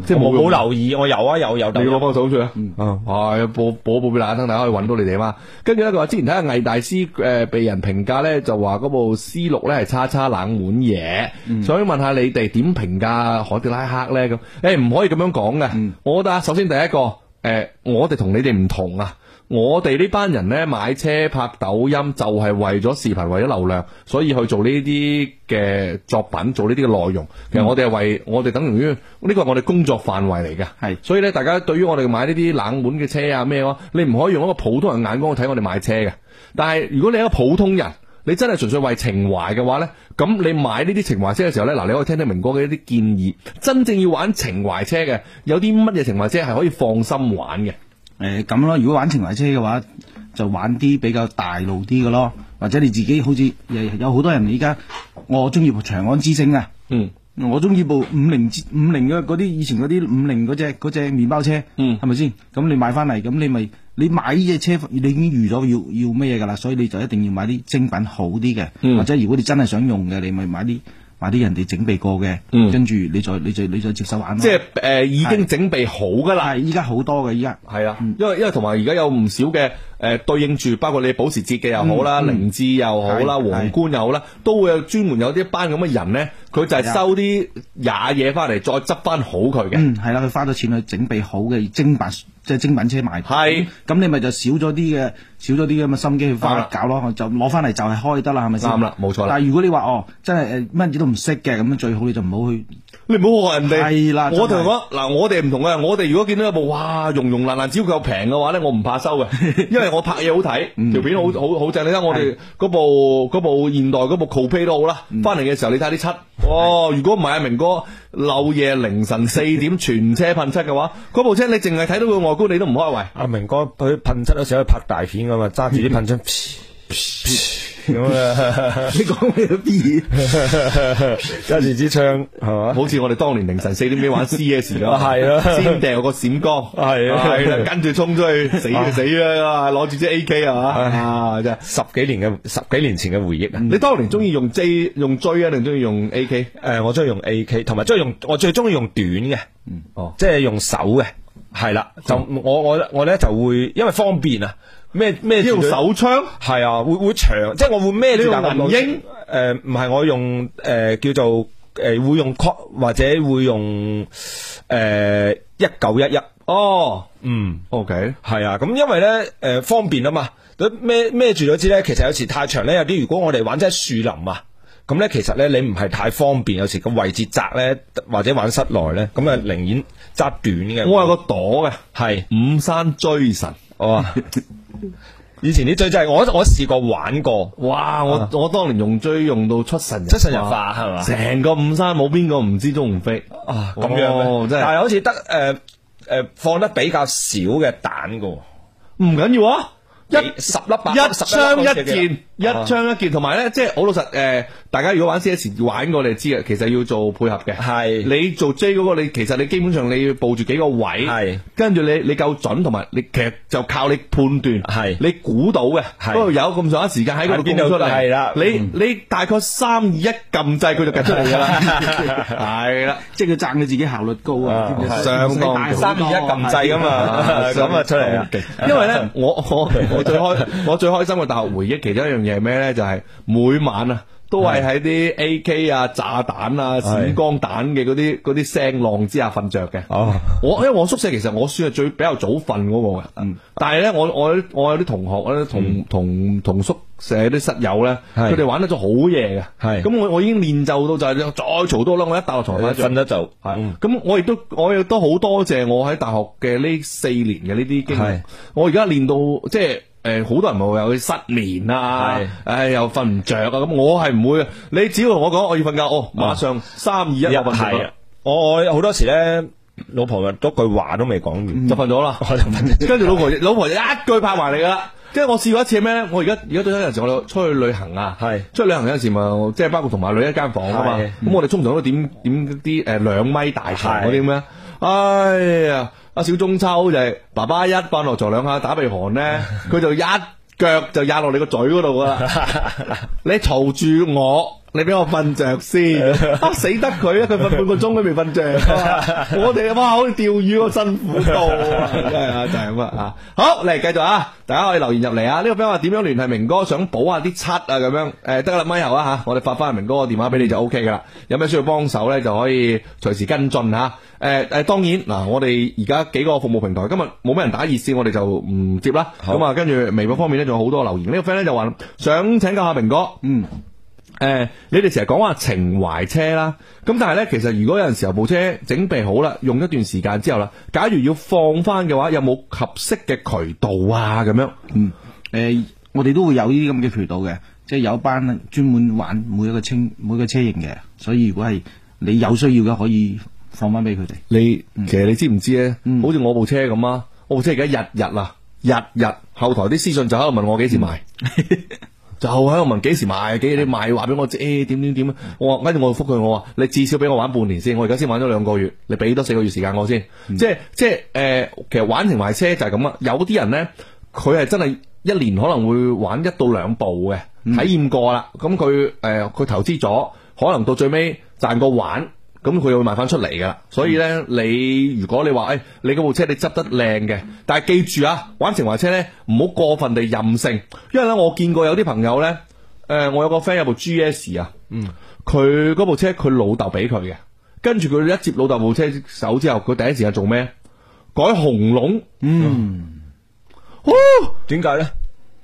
即係冇冇留意，我有啊有有。有有你攞返手出、嗯、啊，係保保保俾大家睇，等大家可以揾到你哋啊嘛。跟住咧，佢話之前睇下魏大師誒、呃，被人評價咧就話嗰部 C 六咧係叉叉冷門嘢，嗯、想問下你哋點評價凱迪拉克咧咁？誒，唔、哎、可以咁樣講嘅。嗯、我覺得首先第一個誒、呃，我哋同你哋唔同啊。我哋呢班人呢，買車拍抖音，就係為咗視頻，為咗流量，所以去做呢啲嘅作品，做呢啲嘅內容。其實我哋係為我哋等於呢個係我哋工作範圍嚟嘅。是所以咧，大家對於我哋買呢啲冷門嘅車啊咩話，你唔可以用一個普通人眼光去睇我哋買車嘅。但係如果你係一個普通人，你真係純粹為情懷嘅話呢，咁你買呢啲情懷車嘅時候呢，嗱你可以聽聽明哥嘅一啲建議。真正要玩情懷車嘅，有啲乜嘢情懷車係可以放心玩嘅？誒咁咯，如果玩情懷車嘅話，就玩啲比較大路啲嘅咯，或者你自己好似有好多人依家，我中意長安之星啊，嗯，我中意部五菱五菱嘅嗰啲以前嗰啲五菱嗰隻嗰隻麵包車，嗯，係咪先？咁你買翻嚟，咁你咪你買依隻車，你已經預咗要要咩嘢㗎啦，所以你就一定要買啲精品好啲嘅，嗯、或者如果你真係想用嘅，你咪買啲。買啲人哋整備過嘅，嗯，跟住你再你再你再接手玩咯。即係誒、呃、已經整備好噶啦，依家好多噶，依家。係啊的、嗯，因為因為同埋而家有唔少嘅。誒、呃，對應住包括你保時捷嘅又好啦，凌志又好啦，是皇冠又好啦，是都會有專的門有啲班咁嘅人咧，佢就係收啲假嘢翻嚟，再執翻好佢嘅。嗯，係啦，佢花咗錢去整備好嘅精品，即係精品車賣。係的，咁你咪就少咗啲嘅，少咗啲咁嘅心機去翻搞咯，的就攞翻嚟就係開得啦，係咪先？啱啦，冇錯啦。但係如果你話哦，真係誒乜嘢都唔識嘅，咁最好你就唔好去。你唔好話人哋係啦。我同佢講嗱，我哋唔同嘅。我哋如果見到一部哇，融融爛爛，只要佢平嘅話咧，我唔怕收嘅，因為我拍嘢好睇，條片好好好正。你睇我哋嗰部嗰部現代嗰部 Coupe 都好啦。翻嚟嘅時候，你睇啲漆哦，如果唔係阿明哥漏夜凌晨四點全車噴漆嘅話，嗰部車你淨係睇到個外觀，你都唔開胃。阿明哥佢噴漆嗰時可以拍大片噶嘛，揸住啲噴漆。咁啊！你講咩都 B，有陣時槍係嘛，好似我哋當年凌晨四點幾玩 CS 咁，係咯，先掟個閃光，係啊，跟住衝出去死就死啦，攞住支 AK 係嘛，啊，真係十幾年嘅十幾年前嘅回憶啊！你當年中意用 J 用 J 啊，定中意用 AK？誒，我中意用 AK，同埋中意用我最中意用短嘅，哦，即係用手嘅，係啦，就我我我咧就會因為方便啊。咩咩用手槍係啊，會會長，即係我會孭住架雷鷹。誒，唔係、呃、我用誒、呃、叫做誒、呃、會用或或者會用誒一九一一。呃、11, 哦，嗯，OK，係啊，咁因為咧誒、呃、方便啊嘛。孭孭住咗支咧，其實有時太長咧，有啲如果我哋玩即係樹林啊，咁咧其實咧你唔係太方便。有時個位置窄咧，或者玩室內咧，咁啊寧願揸短嘅。我有個朵嘅、啊，係五是山追神，哦 以前啲錐真係我我試過玩過，哇！我、啊、我當年用追用到出神出神入化係嘛，成個五山冇邊個唔知都唔飛啊！咁樣嘅，哦、真係但係好似得誒誒放得比較少嘅蛋噶唔緊要啊。一十粒百一槍一箭一槍一箭，同埋咧即係好老實誒，大家如果玩 CS 玩過，你知嘅，其實要做配合嘅。係你做 J 嗰個，你其實你基本上你要布住幾個位，係跟住你你夠準，同埋你其實就靠你判斷，係你估到嘅。係嗰度有咁上下時間喺嗰度，見到出嚟係啦。你你大概三二一撳掣，佢就計出嚟噶啦。係啦，即係佢賺你自己效率高啊。上當三二一撳掣啊嘛，咁啊出嚟。因為咧，我我。我 最開，我最開心嘅大學回憶，其中一樣嘢係咩咧？就係每晚啊，都係喺啲 AK 啊、炸彈啊、閃光彈嘅嗰啲嗰啲聲浪之下瞓着嘅。哦我，我因為我宿舍其實我算係最比較早瞓嗰、嗰個嘅。嗯，但係咧，我我我有啲同學咧，同同同宿舍啲室友咧，佢哋、嗯、玩得咗好夜嘅。咁是 我我已經練就到就係再嘈多啦，我一打落牀瞓得就係咁是、嗯、我亦都我亦都好多謝我喺大學嘅呢四年嘅呢啲經歷。是 我而家練到即係。誒，好多人咪會有失眠啊，誒是、哎，又瞓唔着啊，咁我係唔會，你只要同我講我要瞓覺，我、哦、馬上三二一，係啊，我我好多時咧，老婆嘅嗰句話都未講完，嗯、就瞓咗啦，跟住老婆的老婆一，的一句拍埋嚟噶啦，跟住我試過一次咩咧？我而家而家都有陣時我出去旅行啊，係是，出去旅行有時咪即係包括同埋女一間房啊嘛，咁是我哋通常都點點啲誒兩米大床嗰啲咩，是哎呀。阿小中秋就係爸爸一翻落床兩下打鼻鼾咧，佢就一腳就壓落你個嘴嗰度噶啦，你嘈住我。你俾我瞓着先，死得佢啊！佢瞓半個鐘都未瞓着，我哋哇好似釣魚咁辛苦到真係啊，就係、是、咁、啊、好嚟繼續啊！大家可以留言入嚟啊。呢、這個 friend 話點樣聯繫明哥，想補下啲漆啊咁樣。誒、欸，得啦，咪後啊吓，我哋發翻明哥個電話俾你就 O K 㗎啦。有咩需要幫手咧，就可以隨時跟進吓。誒、啊、誒、欸，當然嗱、啊，我哋而家幾個服務平台今日冇咩人打熱線，我哋就唔接啦。咁好啊，跟住微博方面咧，仲有好多留言。呢、這個 friend 咧就話想請教下明哥，嗯。誒、嗯，你哋成日講話情懷車啦，咁但係咧，其實如果有陣時候部車整備好啦，用一段時間之後啦，假如要放翻嘅話，有冇合適嘅渠道啊？咁樣，嗯，誒、呃，我哋都會有呢啲咁嘅渠道嘅，即係有一班專門玩每一個清每一個車型嘅，所以如果係你有需要嘅，可以放翻俾佢哋。你、嗯、其實你知唔知咧？好似、嗯、我部車咁啊，嗯、我部車而家日日啦，日日後台啲私信就喺度問我幾時賣。嗯 就喺度問幾時賣？幾時賣？話俾我知點點點？我話跟住我覆佢，我話你至少俾我玩半年先。我而家先玩咗兩個月，你俾多四個月時間我先。嗯、即係即係誒、呃，其實玩情懷車就係咁啦。有啲人咧，佢係真係一年可能會玩一到兩部嘅，嗯、體驗過啦。咁佢誒，佢、呃、投資咗，可能到最尾賺個玩。咁佢又會賣翻出嚟噶啦，所以咧，你如果你話，誒、哎，你嗰部車你執得靚嘅，但係記住啊，玩情懷車咧，唔好過分地任性，因為咧，我見過有啲朋友咧，誒、呃，我有個 friend 有部 GS 啊，嗯，佢嗰部車佢老豆俾佢嘅，跟住佢一接老豆部車手之後，佢第一時間做咩？改紅龍，嗯，哦，點解咧？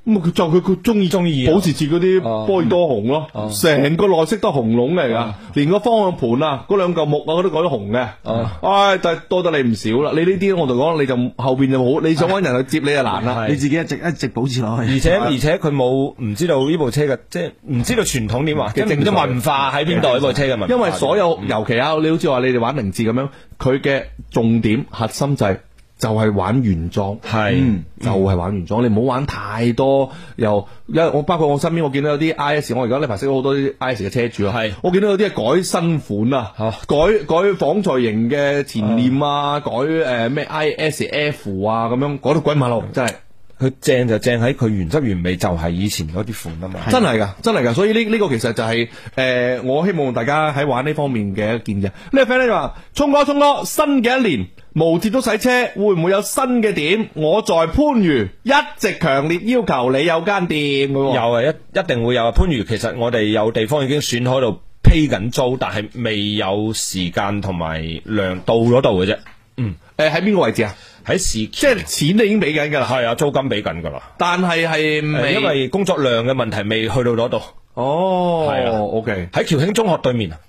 咁佢就佢佢中意中意保持住嗰啲波多紅咯，成個內飾都紅龍嚟噶，連個方向盤啊、嗰兩嚿木啊，我都改咗紅嘅。唉，但係多得你唔少啦。你呢啲我同你講，講，你就後邊就好，你想搵人去接你就難啦。你自己一直一直保持落去。而且而且佢冇唔知道呢部車嘅，即係唔知道傳統點話嘅唔知文化喺邊度？呢部車嘅文化，因為所有尤其啊，你好似話你哋玩靈志咁樣，佢嘅重點核心制。就係玩原裝，係是，就係玩原裝。嗯、你唔好玩太多，又，因我包括我身邊，我見到有啲 I S，, 是 我而家呢排識咗好多啲 I S 嘅車主啊。我見到有啲係改新款啊，改改仿財型嘅前臉啊，改咩、呃、I S F 啊，咁樣改到鬼馬路，真係。佢正就正喺佢原汁原味，就係以前嗰啲款啊嘛的。真係噶，真係噶，所以呢呢個其實就係、是、誒、呃，我希望大家喺玩呢方面嘅建議。呢、嗯、個 friend 咧就話，聰哥，聰哥，新嘅一年。無鐵都洗車，會唔會有新嘅點？我在番禺一直強烈要求你有間店嘅、哦，有啊，一一定會有啊！番禺其實我哋有地方已經選好度批緊租，但係未有時間同埋量到嗰度嘅啫。嗯，誒、呃，喺邊個位置啊？喺時，即係錢都已經俾緊噶啦，係啊，租金俾緊噶啦，但係係未、呃，因為工作量嘅問題未去到嗰度。哦，係啦、啊、，OK，喺僑興中學對面啊，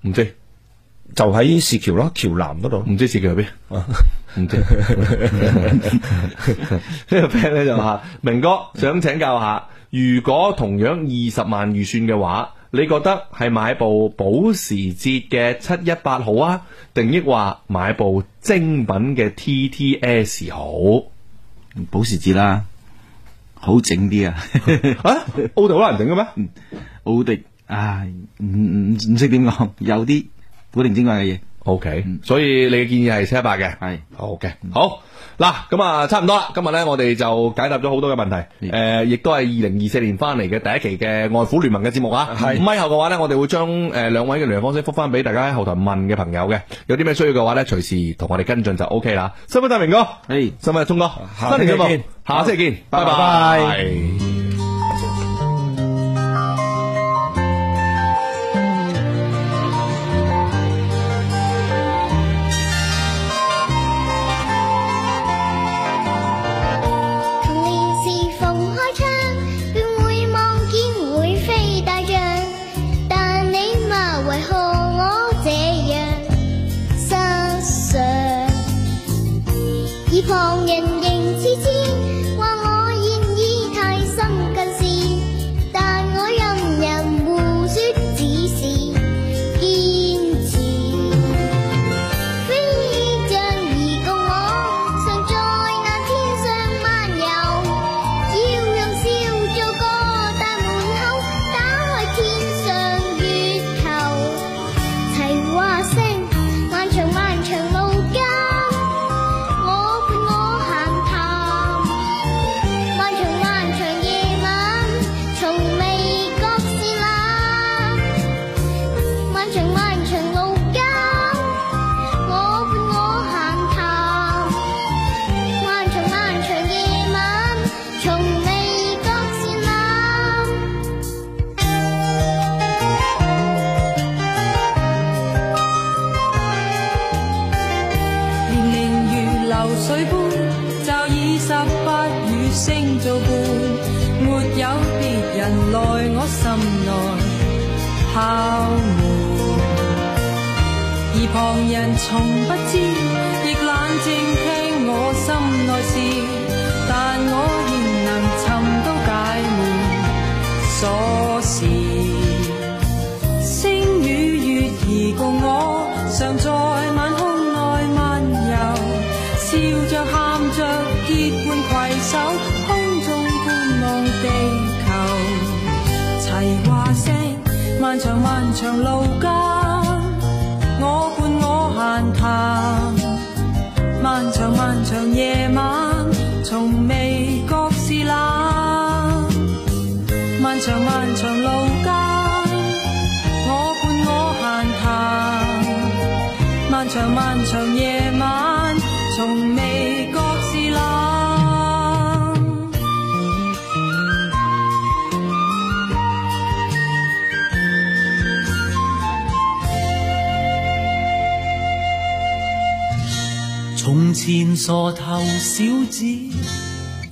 唔知。就喺市橋咯，橋南嗰度，唔知市橋喺邊，唔知。呢個 friend 咧就話：明哥 想請教下，如果同樣二十萬預算嘅話，你覺得係買部保時捷嘅七一八好啊，定抑或買部精品嘅 T T S 好？保時捷啦，好整啲啊， 啊！奧迪好難整嘅咩？奧、嗯、迪，唉、哎，唔唔唔識點講，有啲。古定之外嘅嘢，OK，、嗯、所以你嘅建議係七一百嘅，係，好嘅，好，嗱，咁啊，差唔多啦，今日咧我哋就解答咗好多嘅問題，誒是，亦都係二零二四年翻嚟嘅第一期嘅愛虎聯盟嘅節目啊，是五咪後嘅話咧，我哋會將誒兩位嘅聯絡方式覆翻俾大家喺後台問嘅朋友嘅，有啲咩需要嘅話咧，隨時同我哋跟進就 OK 啦，辛苦大明哥，誒是，辛苦阿聰哥，新年好，下星期見，拜拜。拜拜傻頭小子，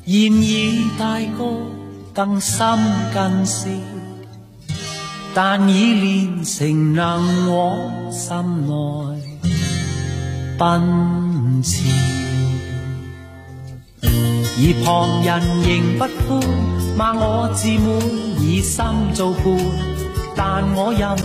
現已大個，更深更少，但已練成能往心內奔馳。而旁人仍不歡，罵我自滿，以心做伴，但我又。